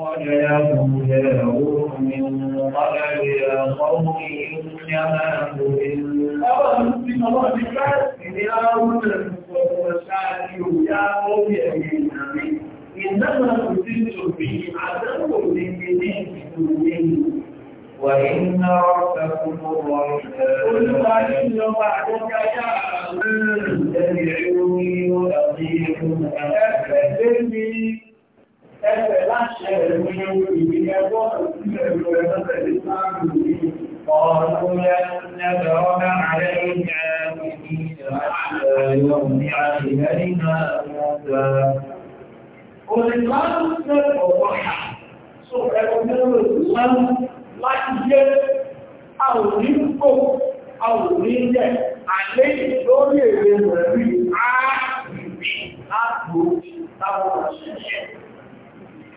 قال يا موسى روح من قبل يا قوم إنما كنتم أولم من الله يا رجل وشاكر يا قوم إنما كنتم به عدو من دينكم وإن ربكم الرحمن قل وإن وعدك يا أمين تدعوني وأطيعكم أكبر ẹgbẹ̀ láṣẹ ẹ̀rùn ìwé ẹgbọ́ ìrìnlẹ̀ ẹ̀rọ̀tẹ̀lẹ̀ láàrín ìwé ọ̀rọ̀ ẹgbẹ̀ ọ̀gá ààrẹ ìjẹ́ Àwòrínlẹ̀ àlé ìlórí èrè rẹ̀ rí ààrùn ìrìn àpò ìtàwọn òṣìṣẹ́.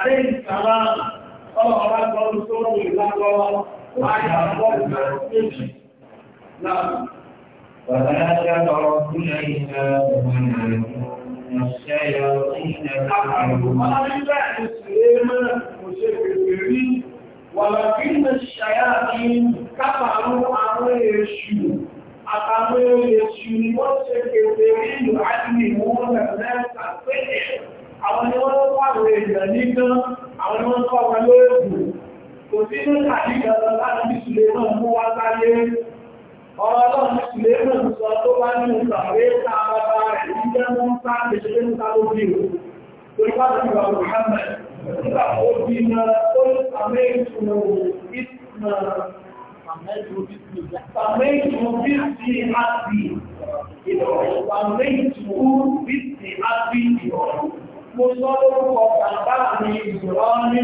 àlẹ́ ìsàlá ọlọ́ọ̀lá gbọ́rù tó rọ̀ ìlàgbọ́wọ́ وَهَذَا رَبُّنَا إِلَٰهُنَا الشَّيَاطِينَ تَعْبُدُونَ وَلَكِنَّ الشَّيَاطِينَ كَفَرُوا عَلَى يَشُوعَ أَقَامُوا يَشُوعَ وَسَكَتُوا عَنْ مُنَكَّرٍ àwọn ni wọ́n pàwọ̀ èèyàn nìkan àwọn ni wọ́n kọ́ wọn lóògùn kò sí ní àdíkà láti bí Suleiman mú wá sáyé ọ̀rọ̀ ọlọ́run ní Suleiman sọ tó bá ní ìgbàwé ta bàbá rẹ̀ mo sọ lórúkọ bàbá mi ìṣòro ní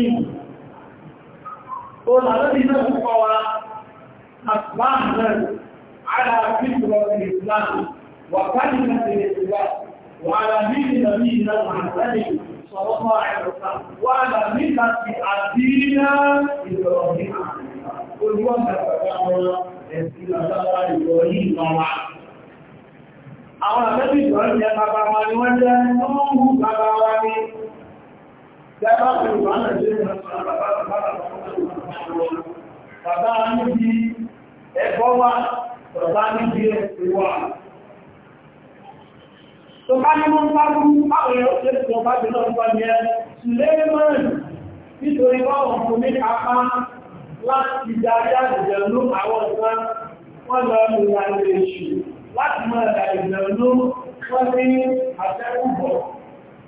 ó làlọ́bí náà púpọ̀ wa àbáhàn ara fífọ́ Islam wà káàkiri láti Islam wà ara mílì náà ní ìlànà àtẹ́lì sọ̀rọ̀mọ́ àìrọ̀ta wà ara mílì láti àdínà ìṣòro ní àìrọ̀ta àwọn àmẹ́bí ìjọ́rin jẹ́ bàbá wa ni wọ́n jẹ́ ọmọ bàbá wa ní jẹ́bá pẹ̀lú àwọn nàìjíríà bàbá níbi ẹ̀kọ́ wa bàbá níbi ẹ̀kọ́ wa tó bá ní wọ́n bá rú àwọn ẹ̀kọ́ tó tó bá jẹ́ lọ́nà bá jẹ́ Suleiman nítorí wọ́n fún ní apá láti dájá ìjẹ̀lú àwọn ìgbà wọ́n lọ ìrìnàjò èṣù láti mọ́ ẹ̀dà ìgbẹ̀lú wọ́n ní àtẹ́kùbọ̀.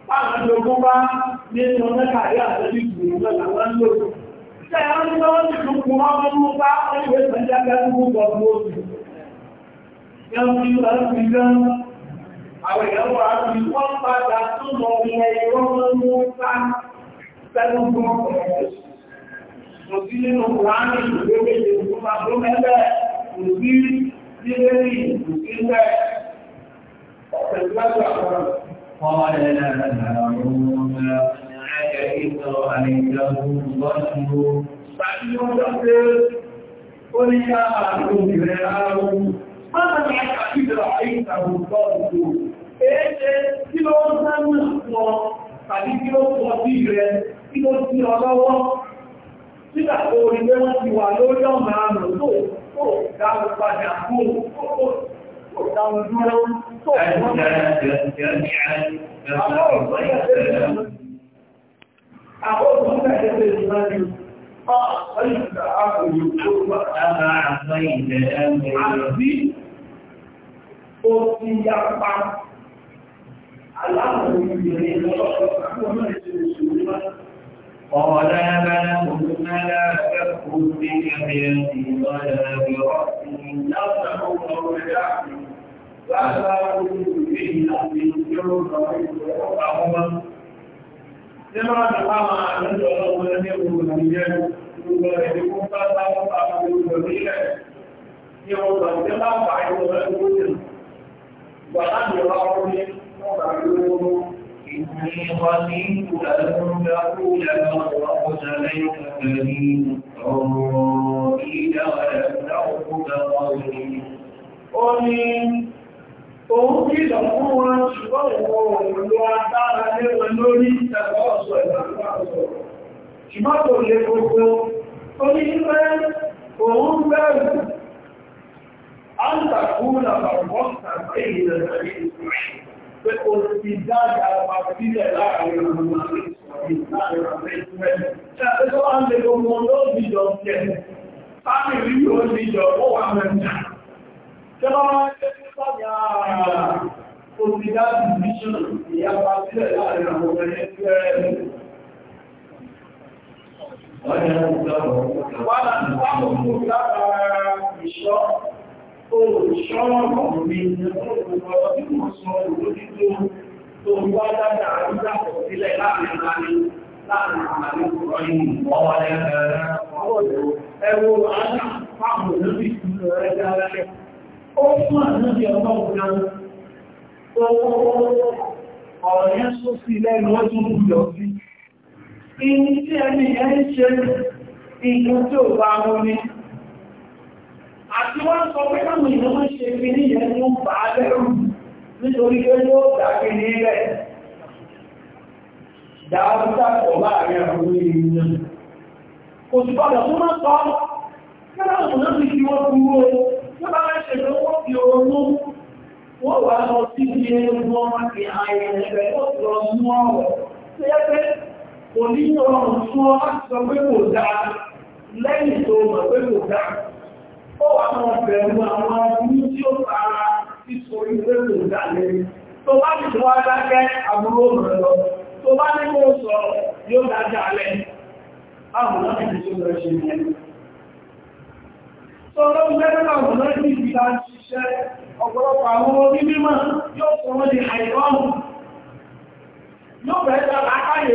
Láwọn ọdún bá ní ọmọ mẹ́ta rí àtẹ́jú ìgbìyànjú àwọn ń lò. Ṣé ẹ̀rọ ní wọ́n ti tún kún wọ́n mú bá wọ́n ìwé ìpẹ́jẹ́ akẹ́kùn bọ̀ bó ti. Yọ́n fi lọ sí gan. Àwọn èèyàn wà ní wọ́n padà tún lọ ilẹ̀ ìwọ́n mú bá sẹ́nu sí nínú لذلك إلا قال هارون منعك إذ رأيتهم ضلوا فليغفر قل يا هارون يا هارون ما منعك إذ رأيتهم ضلوا Èéṣe tí ó ń sánú lọ tàbí tí ó pọ̀ sí rẹ̀ tí ó ti ọlọ́wọ́ sígbà tó orí pé wọ́n ti wà lórí ọmọ àmì tó tó dáhùn padà kó tó dáhùn dúró tó Àwọn òṣìṣẹ́ ẹgbẹ̀rẹ̀ ìrìnàjò, ọ̀pọ̀ ìgbà ààrùn ìjọba àmà ìjẹ̀ àti ó ti yapa aláàrùn ìrìnàjò ọ̀pọ̀ àwọn ọmọ ìṣẹ̀lẹ̀ ìṣòro قال بل هم لا تكفوا بك بيدي ولا برأسي نصروا أو شعبي فأخذوا في نفس الجرم وأهما Nígbà tí a máa ń lọ ọmọ ní ọmọ ìyẹn, gbogbo ẹ̀dùkú bá bá wọ́n bá wọ́n lọ nílẹ̀. Ní ọmọ ìyẹn bá bá ìwọ̀n ẹ̀dùkú jù. Gbà láti ọlọ́run ní ọmọ ìlú ọmọ إني خشيت أن تقول مرت ليس كريم قائل ولم تعقب قولي قولي Òun kí lọ fún pé o ti dáàbì àwọn àbílẹ̀ láàrin ọmọ láàrin ọmọ ìfúnẹ́. Ṣé àtẹ́sọ́ wá ń lè gbogbo lóòbí jọ jẹ? Fáàmì rí ó ní jọ ó wà mẹ́ta. Ṣé wọ́n máa ń ṣe sí sọ́jà o ti dáàbì mission ìyàpá sílẹ̀ láàrin ọmọ ìfúnẹ́? ìṣọ́ olùṣọ́rọ̀ mi ní ọ̀rọ̀ tí mo sọ olójútó tó ń wá dáadáa àrúgbàpọ̀ sílẹ̀ láàrin láàrin láàrin àmàlẹ́ ọ̀rọ̀ yìí ọwọ́ ẹ̀rọ àádá pàmò lórí ìlú rẹ̀ dáadáa ó fún àdúgbì ọmọ òun ọ̀rọ̀ yẹn só sí lẹ́nu ọdún lọ sí ìyí tí ẹni yẹn ń ṣe ìyí tí ò bá mú ní ti wọ́n sọ pé káwọn èèyàn máa ṣe fi ní ìyẹn ní ń bà á lẹ́rù nítorí pé yóò dàbí ní ilẹ̀ dáadọ́sàpọ̀ láàrin àwọn èèyàn kò sì gbọ́dọ̀ tó máa sọ káwọn òun ti fi wọ́n dúró tó bá ṣe pé wọ́n fi oorun wọ́n wà lọ sí ibi ẹgbẹ́ ọ̀rọ̀ fún ọ láti sọ pé kò dáa lẹ́yìn tó mọ̀ pé kò dáa ó wà mọ́ bẹ̀rù àwọn ọdún tí ó fara síso ilé tó dálé tó bá ní tó wá dákẹ́ àbúrò mọ̀ lọ tó bá ní kó sọ yóò dájá alẹ́ àwọn ọ̀nà ìdíjọ́ lọ ṣe yẹn Sọ́rọ̀ ìgbẹ́rẹ́ àwọn ọ̀nà ìdíjọ́ ṣiṣẹ́ ọ̀pọ̀lọpọ̀ àwọn orí mímọ̀ yóò sọ wọ́n di àìrọ́mù yóò bẹ̀rẹ̀ tàbí àkáyè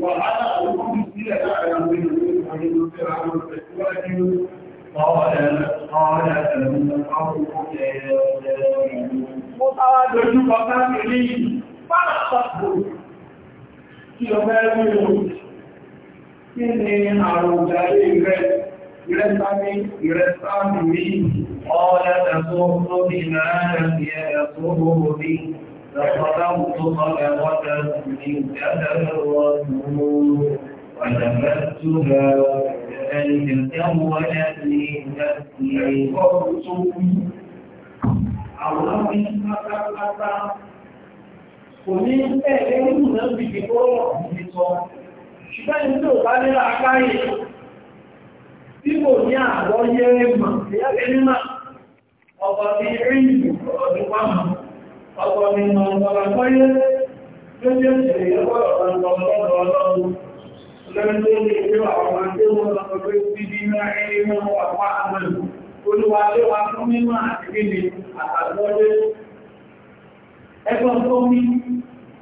وعلى الوجود لا يعلم Mo táwà dojú kọta nílé yìí, fara sọ́pù kí o fẹ́ rí o. Kí ni àrùn jàrí rẹ̀, ìrẹsámi, ìrẹsámi rí, ọ̀rẹ́ ẹ̀sọ́ tó bí náà ẹ̀sọ́ فخلقت خلقة من كتب الرسول ولمستها وكذلك سولت لي نفسي Àwọn ọmọ pátápátá kò ní ẹ̀rẹ́ ìrìnà bìí kó rọ̀ ní sọ. Ṣùgbọ́n ní tí ò bá ní àkáyè tí kò ní àgbọ́ yẹ́ mọ̀ sí ẹgbẹ́ nímọ̀ ọ̀pọ̀ ti rí ìlú ọdún wà mọ̀ ọ̀pọ̀ ni ọ̀pọ̀lọpọ̀ pọ́yẹ́ tó jẹ́ ìṣẹ̀lẹ̀ ìyẹ́pọ̀ ọ̀pọ̀lọpọ̀ ọlọ́run lẹ́rin tó ní ìpé àwọn àti wọn lọ́pọ̀ pé bíbí náà ẹni wọn wà wá àmàlù olúwa lé wa fún mímọ̀ àti bíbí àtàgbọ́lé ẹgbọ́n tó ní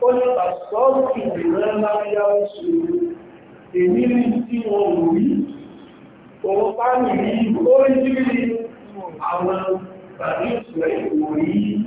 ó ní pàṣọ́ọ̀kì ìrìnlẹ́ lábíyá oṣù èmi ní tí wọn ò rí òun pàmì ní orí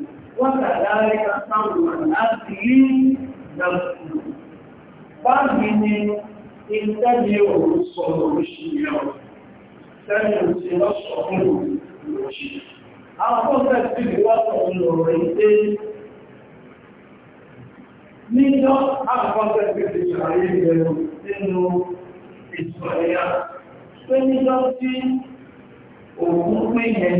وكذلك صبر النفس نفسه فمن اتبعوا الصبر الشيوخ سنسل الصبر الشيوخ أعطت في وقت الرئيسين Níjọ́ àpapọ̀ ìpèsè ṣàlàyé ìgbẹ̀rù nínú ìsọ̀rẹ̀yà, pé níjọ́ tí òun pín yẹn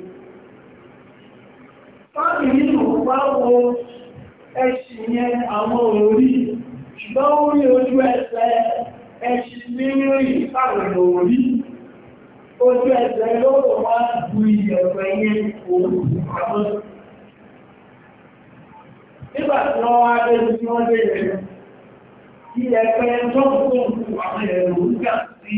Fáàkì nínú wá wo ẹṣin yẹn àwọn orí, ṣùgbọ́n ó rí ojú ẹsẹ̀ ẹṣin mírìn fáwọn orí. Ojú ẹsẹ̀ lóòrò wá bu ìyẹ̀fẹ̀ yẹn òòrùn àwọn. Nígbà tí wọ́n wá dé tí wọ́n dé rẹ̀, ìyẹ̀fẹ̀ tó kó àwọn ẹ̀rọ ń gbà sí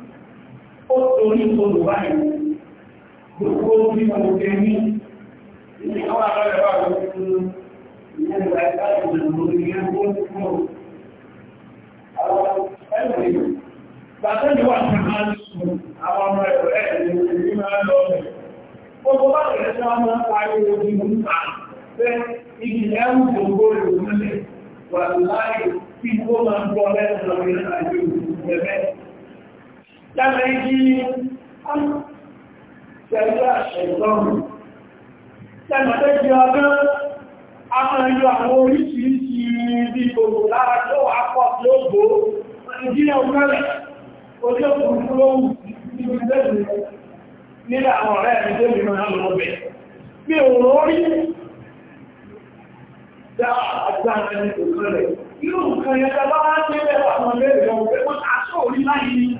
ó torí tolù báyìí gbogbo bí mo jẹ ní ní àwọn àbájá wà lórí ìyẹn ìgbà ìbájú ìlú ìyẹn tó ń kúrò àwọn ẹgbẹ̀rẹ̀ gbàtẹ́lẹ̀ wà ní àásùn àwọn ọmọ ẹ̀rọ ẹ̀rẹ̀ ìlú máa lọ rẹ̀ gbogbo bá rẹ̀ tí wọ́n máa ń parí ogun ní ta pé igi ẹ̀rù gbogbo ìlú nílẹ̀ wà láì tí kó máa ń gbọ́ lẹ́nu lọ́rẹ̀ àjò ìgbẹ̀mẹ́ lára igi pẹ̀lú àṣẹ̀gbọ́n tẹ́mọ̀tẹ́jì ọdún a máa yọ àwọn oríṣiríṣi ibi gbogbo lára tó wà pọ̀ tí ó gbò ìdílé ọgbẹ́lẹ̀ ojú òkúrú lóhùn níbi tẹ́lẹ̀ nílẹ̀ àwọn ọ̀rẹ́ ẹ̀mí tó mìíràn náà lọ bẹ̀ pé òun orí dá àgbà ẹni tó kọ́lẹ̀ yóò kàn yẹn tẹ́lá wá ń gbé bẹ́ẹ̀ wà mọ́ lẹ́rẹ̀ ọ̀gbẹ́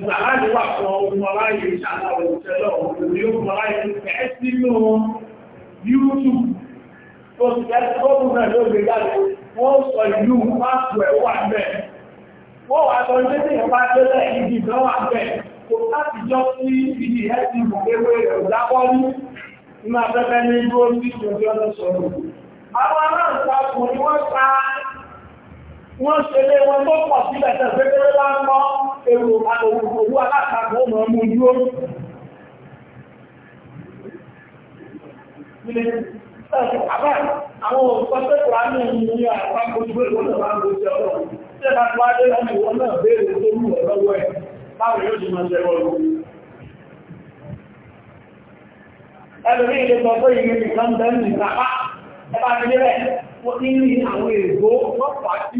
Ìgbàláàdì wà fún ọmọ aláyé ìṣàlàwẹ̀ ìṣẹ́lọ̀ òun yóò fún aláyé ẹ̀ sínú YouTube. Tó ti jẹ́ tó náà ló gbé jáde, wọ́n sọ ìlú pápù ẹ̀ wà bẹ́ẹ̀. Wọ́n wà sọ ilé tí ìyẹn bá Kò láti jọ sí wọ́n ṣe lé wọn tó pọ̀ sílẹ̀ tẹ̀ pẹ́pẹ́rẹ́ bá ń mọ́ èrò òwú alátakò ọmọ ọmọ dúró. Àbá àwọn òṣìṣẹ́ Kùránì ní àpapọ̀ ìwé ìwọ̀n náà ń gbèsè ọ̀rọ̀. Ṣé bá tó wáyé láti ìwọ̀n náà béèrè tó mú ọ̀rọ̀ lọ́wọ́ ẹ̀? Báwo yóò ṣe máa ṣe ọ̀rọ̀? Ẹlòmí ilé sọ pé ìrìn ìkan bẹ́ẹ̀ ní ìsapá. Ẹ bá ti dé bẹ́ẹ̀, wọ́n ti ní àwọn èrò wọ́n fà á sí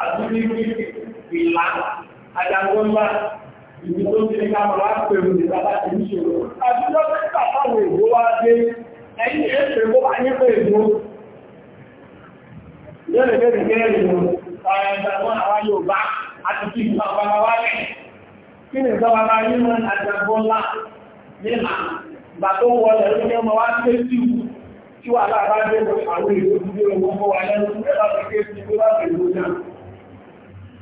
àtúndínlí ìlà àjàgbọ́nlá ìbí tó ti ní káàmùrà pẹ̀lú ìdábá ti ní ṣòro. àtúndínlí pẹ́ta fáwọn ègbó wá dé ẹ̀yìn ẹ̀ṣẹ̀ bó bá yẹ́ pé ègbó lẹ́rẹ̀ lẹ́rẹ̀ lẹ́rẹ̀ lọ àjàgbọ́n àwa yóò bá àti kí ìgbà bàbá wá lẹ̀ kí ni ìjọba bá yí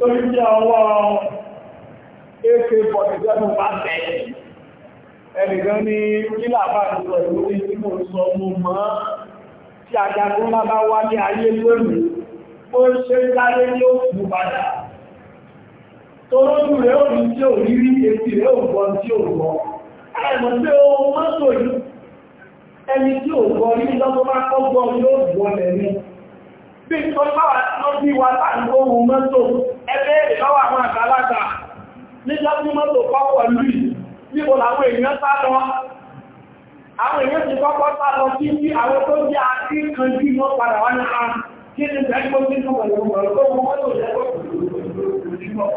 torí bí ọwọ́ AK-47 bá tẹ̀ ẹnìkan ní kílà bá ti sọ ìlú ní tí mo sọ mo mọ́ tí àjàkún má bá wá ní ayé lónìí ó ṣe láyé ní òkú padà tó lójú rẹ̀ ò ní tí ò rí rí etí rẹ̀ ò gbọ́n tí ò gbọ́ ẹ̀mọ̀ pé ó mọ́tò yìí ẹni tí ò gbọ́ rí lọ́gbọ́n bá kọ́ yóò gbọ́ lẹ́nu bí i tó bá wà tí ó bí wa láàrín ohun mọ́tò ẹgbẹ́ ìlọ́wà àwọn àgbàlagbà nígbà tí mọ́tò pọ́pọ̀ lùí níbo làwọn èèyàn sá lọ àwọn èèyàn ti kọ́kọ́ sá lọ sí bí àwọn tó jẹ́ àti kan jí mọ́ padà wá ní a kí ni ìgbẹ́gbẹ́ tí ó pẹ̀lú ọ̀rọ̀ tó mọ́ mọ́tò lẹ́gbẹ́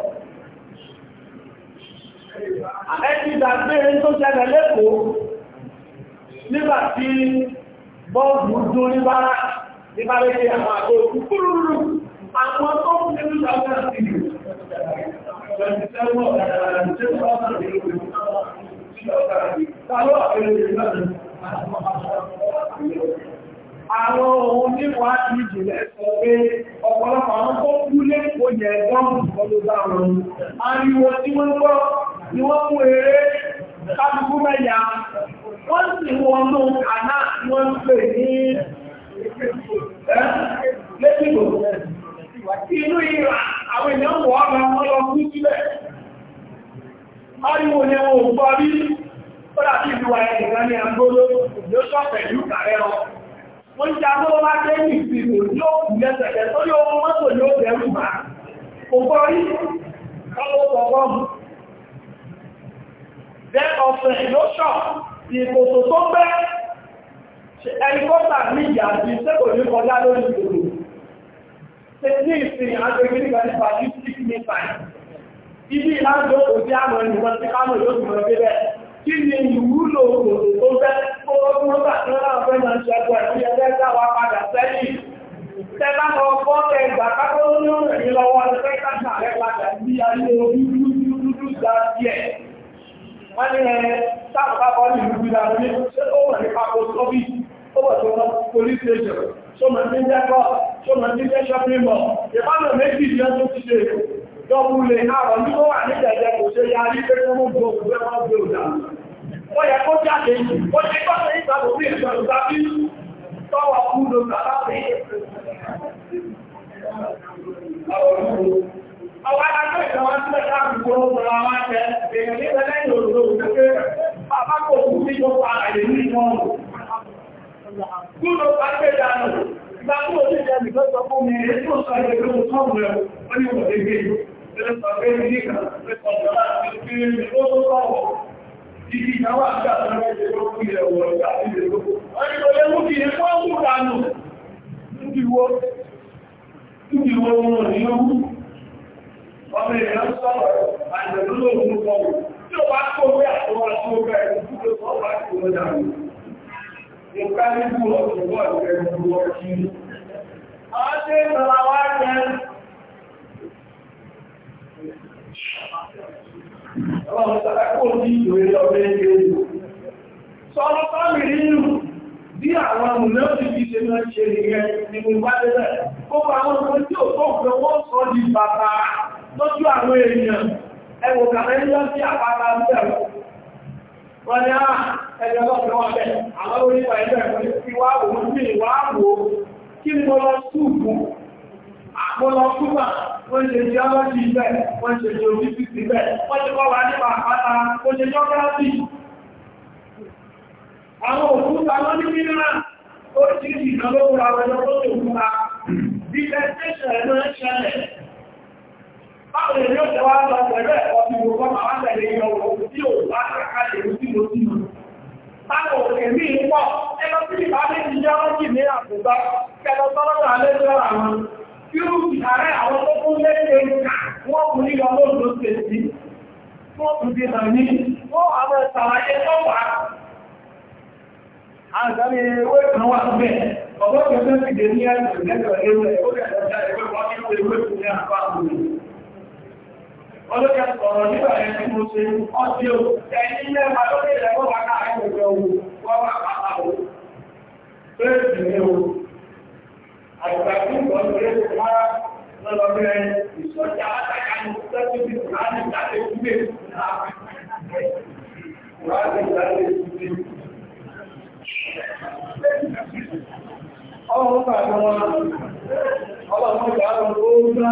Ẹni ìdàgbére tó ṣẹlẹ̀ lẹ́kọ̀ọ́ nígbà tí bọ́ọ̀bù dún ní bára nípa lẹ́yìn àwọn àgbò kúrúrú àwọn tó ń fi lúta ọ̀gá sí ìlú. Àwọn ohun ní wà ní ìjìnlẹ̀ sọ pé ọ̀pọ̀lọpọ̀ àwọn tó kú lé òyẹ̀ ẹ̀gbọ́n ọlọ́ bá wọ́n sì wọ́n lóun kà náà wọ́n pè ní lẹ́yìnbó inú ìrà àwọn èèyàn wọ́ ọ̀rọ̀ wọn lọ kú sílẹ̀ ariwo ni wọn ò gbọ́ rí kọ́lá sí ìlú ayé nìkan ní agbóró ló sọ pẹ̀lú kàrẹ́ ọ wọ́n ti agbó wá dé ní ìsìnkú yóò kù lẹ́sẹ̀kẹ́ tó yóò wọ́n mọ́tò yóò bẹ̀rù bá kò gbọ́ rí kọ́lọ́ pọ̀pọ̀ mù bẹ́ẹ̀ ọ̀sẹ̀ ló sọ ìkòtò tó bẹ́ẹ̀ ẹ̀ríkọ́tà ní ìyà àti ìṣẹ́kò ní kọjá lórí ìgbòrò ṣe ní ìsìn agbègbè nígbà nípa ní six mítàì ibi ìlàjò òjí àmọ́ ìwọ̀n tí kánò yóò mọ̀ bẹ́ẹ̀ kí ni ìwúlò òdò tó fẹ́ tó lọ́dún ó bà tí wọ́n fẹ́ máa ṣẹ́gun ẹ̀kú ẹgbẹ́ dáwà padà sẹ́yìn tẹ́lá lọ bọ́ ẹgbà kákó ní ọ̀rẹ́ mi lọ́wọ́ ẹgbẹ́ kájà rẹ̀ padà sí ayé orí dúdú dá díẹ̀ wọ́n ní ẹ sáàbùkábọ́ ní ìlú gbígbà ní ṣé ó wọ̀ ní pápó sọ́bìsì ó bọ̀ tó wọ́n police station tó mọ̀ ní jẹ́kọ́ tó mọ̀ ní jẹ́ shopping mall ìbámu méjì yẹn tó ti ṣe dọ́kú lè àrọ̀ ní ó wà ní jẹ́jẹ́ kò ṣe ya rí pé wọ́n gbọ́ òṣèré wọ́n gbé òdà ó yẹ kó jáde ó ti kọ́ sí bí ìgbàgbọ́ bí tọ́wọ́ Kúrò bá gbé dànù, ìgbà tó ò ní jẹ́ nìkan sọ fún mi, èyí tó sọ ẹgbẹ́ tó sọ́mù rẹ̀ wọ́n ní wọ̀n lébé yìí. Ẹlẹ́ sọ pé ní ìkà, ẹ̀kọ́ ìjọba àti ìpínlẹ̀ ní ó tó sọ́wọ́. Ìdí ìyàwó àti àtàrà ìjẹ́ ló kú ilẹ̀ wọ̀ ìgbà ìjẹ́ ló kú. Wọ́n ní Tí ó bá kó wẹ́ àtọwọ́ àti incredible of the world that is working. Ọdún ìrọ̀wọ́ jẹ́ ọlọ́run tàbí ní ìwé ọdún ìgbèrú. Sọ́rọ̀ tọ́mì nínú bí àwọn ọmọlẹ́ òjì ti ṣe máa ṣe nìyẹn ni mo bá dẹ́lẹ̀. Ó pa àwọn ọmọ tí ò wọ́n ni á ah, ẹni ọlọ́pìn wọn bẹ̀ àwọn onípa ẹgbẹ́ ẹ̀kọ́ wọ́n ṣe geology ibẹ̀ wọ́n ṣe wọ́n ti kọ́ wa nípa àpáta mo ṣe geography àwọn òkúta wọ́n ní mìíràn ó ti rí ìdánlógún ra wọn lọ́wọ́ táwọn òkè ní pọ̀ ẹlọ sí ndị méjì jẹ́ ọjì ní àbúgbá kẹlọ tọ́lọ́dọ̀ alẹ́jọ́ àwọn yóò fi ààrẹ àwọn olókẹ́kọ̀ọ́ nígbà ẹni mo ṣe ọdí o ẹni lẹ́wà lókè ìrẹ́kọ́ wà náà ẹgbẹ̀rẹ̀ owó wọ́n wà pàpà o fẹ́ẹ̀sì ní o àgbà tí ìgbọ́ lórí ẹ̀kọ́ wá lọ́lọ́ bí ẹni ìṣọ́jà látàkà ní sẹ́tù bí kùránì láti gbé kùránì láti gbé ọlọ́run pàdé wọn ọlọ́run pàdé wọn ó gbá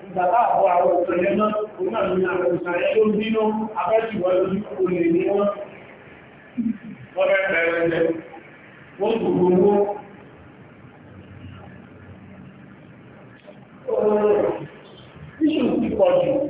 ìgbàlá àbọ̀ àwọn òṣèré náà ó náà ní àwọn òṣèré ló ń bínú abẹ́jùwọ́ lójú olè ní wọ́n wọ́n fẹ́ bẹ̀rẹ̀ rẹ̀ wọ́n tó gbogbo Iṣù ti pọ̀ jù,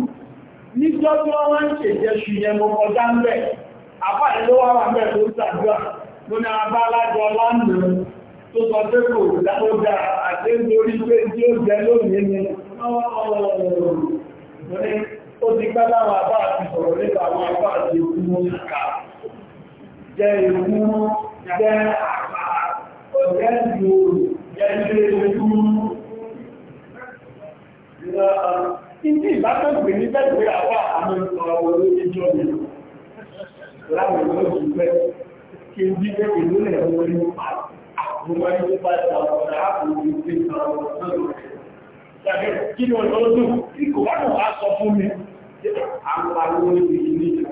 níjọ́ tí wọ́n wọ́n ń ṣèjẹ́ṣù yẹn mọ́ kọjá ń bẹ̀ àpáà ló wà wà bẹ̀ tó sàdúrà ló ní abálájọ lánàá tó sọ pé kò dákójá àti nítorí pé tí ó jẹ lónìí ni ó ti pẹ́ láwọn àbá àti sọ̀rọ̀ nípa àwọn àbá àti ìkúmọ́ ìkà jẹ́ ìkúmọ́ jẹ́ Ibi ìbátọ̀gbè ní bẹ́ẹ̀gbé àwọ́ àmọ́ ìsọ̀rọ̀ orí ìjọ mi. Láwọn ìlú òjì bẹ́ẹ̀ kí n bí bẹ́ẹ̀ ìlú lẹ̀ wọ́n ní àgbọ̀mọ́ ní bá ìgbà ọ̀rọ̀ àbúrú sí ìsọ̀rọ̀ ọ̀rọ̀ Tàbí kí ni ọ̀dọ́ ọdún tí kò wá náà sọ fún mi, àwọn àwọn olóògbé ní ìjọ.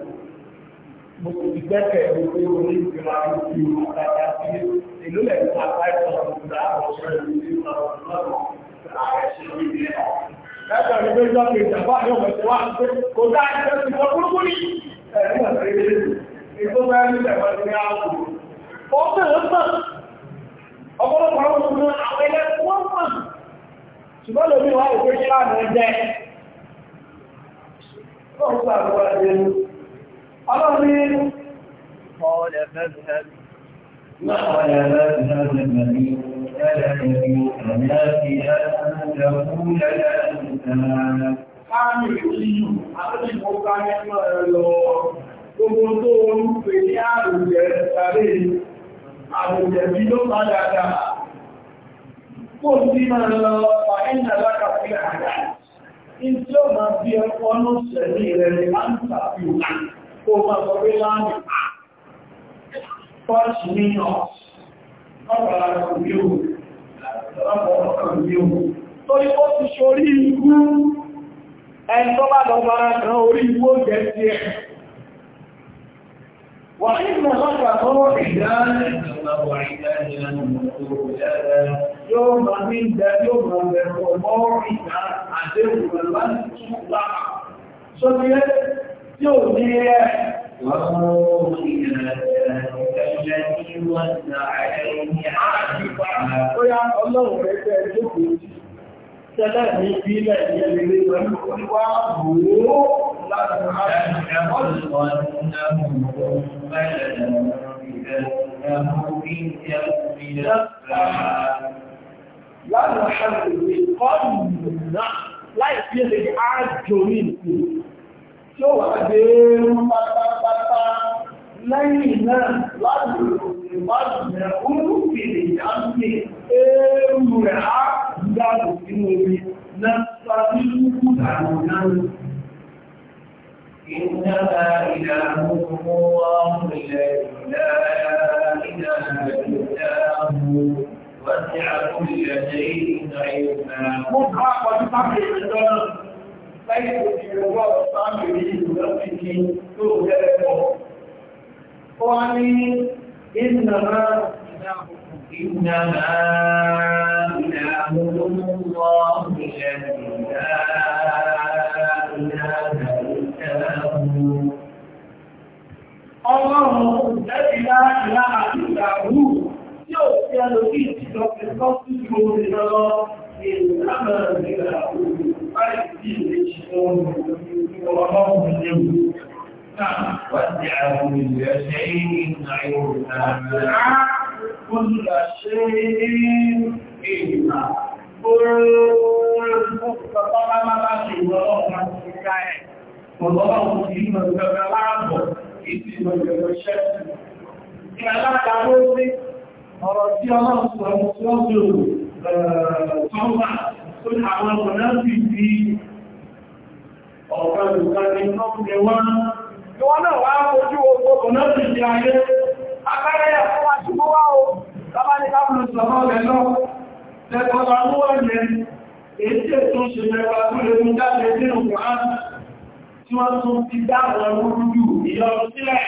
Mo kò ti gbẹ́kẹ̀ ẹ̀rọ pé o ní ìgbìmọ̀ àwọn ìlú àtàkà sí ìlú lẹ̀ ní àpá ìsọ̀rọ̀ ọ̀rọ̀ àbúrú sí ìsọ̀rọ̀ ọ̀rọ̀ Láti ọ̀rẹ́ pé jọ́ kejì àbá yóò mẹ́tẹ̀ wá pé kò dá ìṣẹ́ ti sọ kúrúkú ní ẹ̀rí ọ̀rẹ́ ilé ìgbó bá ní ìjẹ̀wọ̀ ní ààbò. Ó bẹ̀rẹ̀ mọ̀, ọ̀pọ̀lọpọ̀ àwọn ọmọ àwọn ilẹ̀ wọ́n mọ̀. Ṣùgbọ́n lómi wá òkè ṣe láàmú ẹ̀jẹ̀. Ọlọ́run ni, ọ̀rẹ́ Gbogbo tó ń pè ní àrùjẹ̀ tàbí àrùjẹ̀ bí ló padà dà. Kò sí máa lọ fàínà lákàfí àdá. Ìtí ó máa bí ẹ̀kọ́ ní ṣẹ̀lẹ̀ rẹ̀ ní máa ń tàbí òkú. Kò máa sọ pé láàrín Torí ó ti ṣorí igú ẹni tó bá lọ́gbà kan orí igbó jẹ́ sí ẹ̀. Wà nígbà lọ́gbà tó ìdá yóò ma ní ìdá yóò ma bẹ̀rẹ̀ ọmọ ìdá àdéhùn rẹ̀ láti tún lápá. Sọ́bí ẹ́ tí ò ní ẹ́ الذي وزع عليه عبده Tẹ́lẹ̀ ní ìbílẹ̀ ìyẹ̀lẹ̀ ìwọ̀n wá bòó láti máa ẹ̀mọ́ ìwọ̀n náà mọ̀ mẹ́lẹ̀ ẹ̀mọ́ ìjẹ́ ìjẹ́ láàrín ọ̀ṣẹ́ ìrìnkọ́nù náà láì fi ẹ̀lẹ̀ ààjò ní ìpínlẹ̀ tí ó wà dé mú pátápá lẹ́yìn náà láti ìbáṣẹ̀kú fìdí àti eérú rẹ̀ á gbàgbò إنما إلهكم الله الذي لا إله إلا هو وسع كل شيء علما. مطلق وتفكر الدنيا ليس في الوقت عن يريد نفسه سوء قوانين إنما إنما إلهكم الله الذي لا إله إلا هو الله الذي لا إله إلا هو yóò fi ẹlòmí ìjọ ẹ̀kọ́ sí ìgbòho ìrọ̀lọ́ ìlànà ìlànà òun láì sí ìrìnṣẹ́ ọmọ ìlú ọmọ ìlú وسع كل شيء علما كل شيء علما Ọlọ́run tí mọ̀ ìjọba láàbọ̀, ìtì mọ̀ ìjọba ṣẹ́sì. Ní alákàrò sí ọ̀rọ̀ tí ọlọ́run sọ̀rọ̀ tí ó bèèrè tọ́wà tó àwọn ọ̀nà sí bí ọ̀pàá lùkàrí náà ìwọ náà wá ojú ogbó kò náà ti ṣe ayé agbẹ́rẹ́ ẹ̀fọ́ wá sí wá o tàbá ní káàkiri sọ̀rọ̀ rẹ̀ lọ lẹ́kọ̀ọ́ta mú ọ̀yẹ èyí tí ètò ṣe mẹ́wàá tó lè mú jáde nínú kòrán tí wọ́n tún ti dá àwọn olúrúdù ìyọrọ sílẹ̀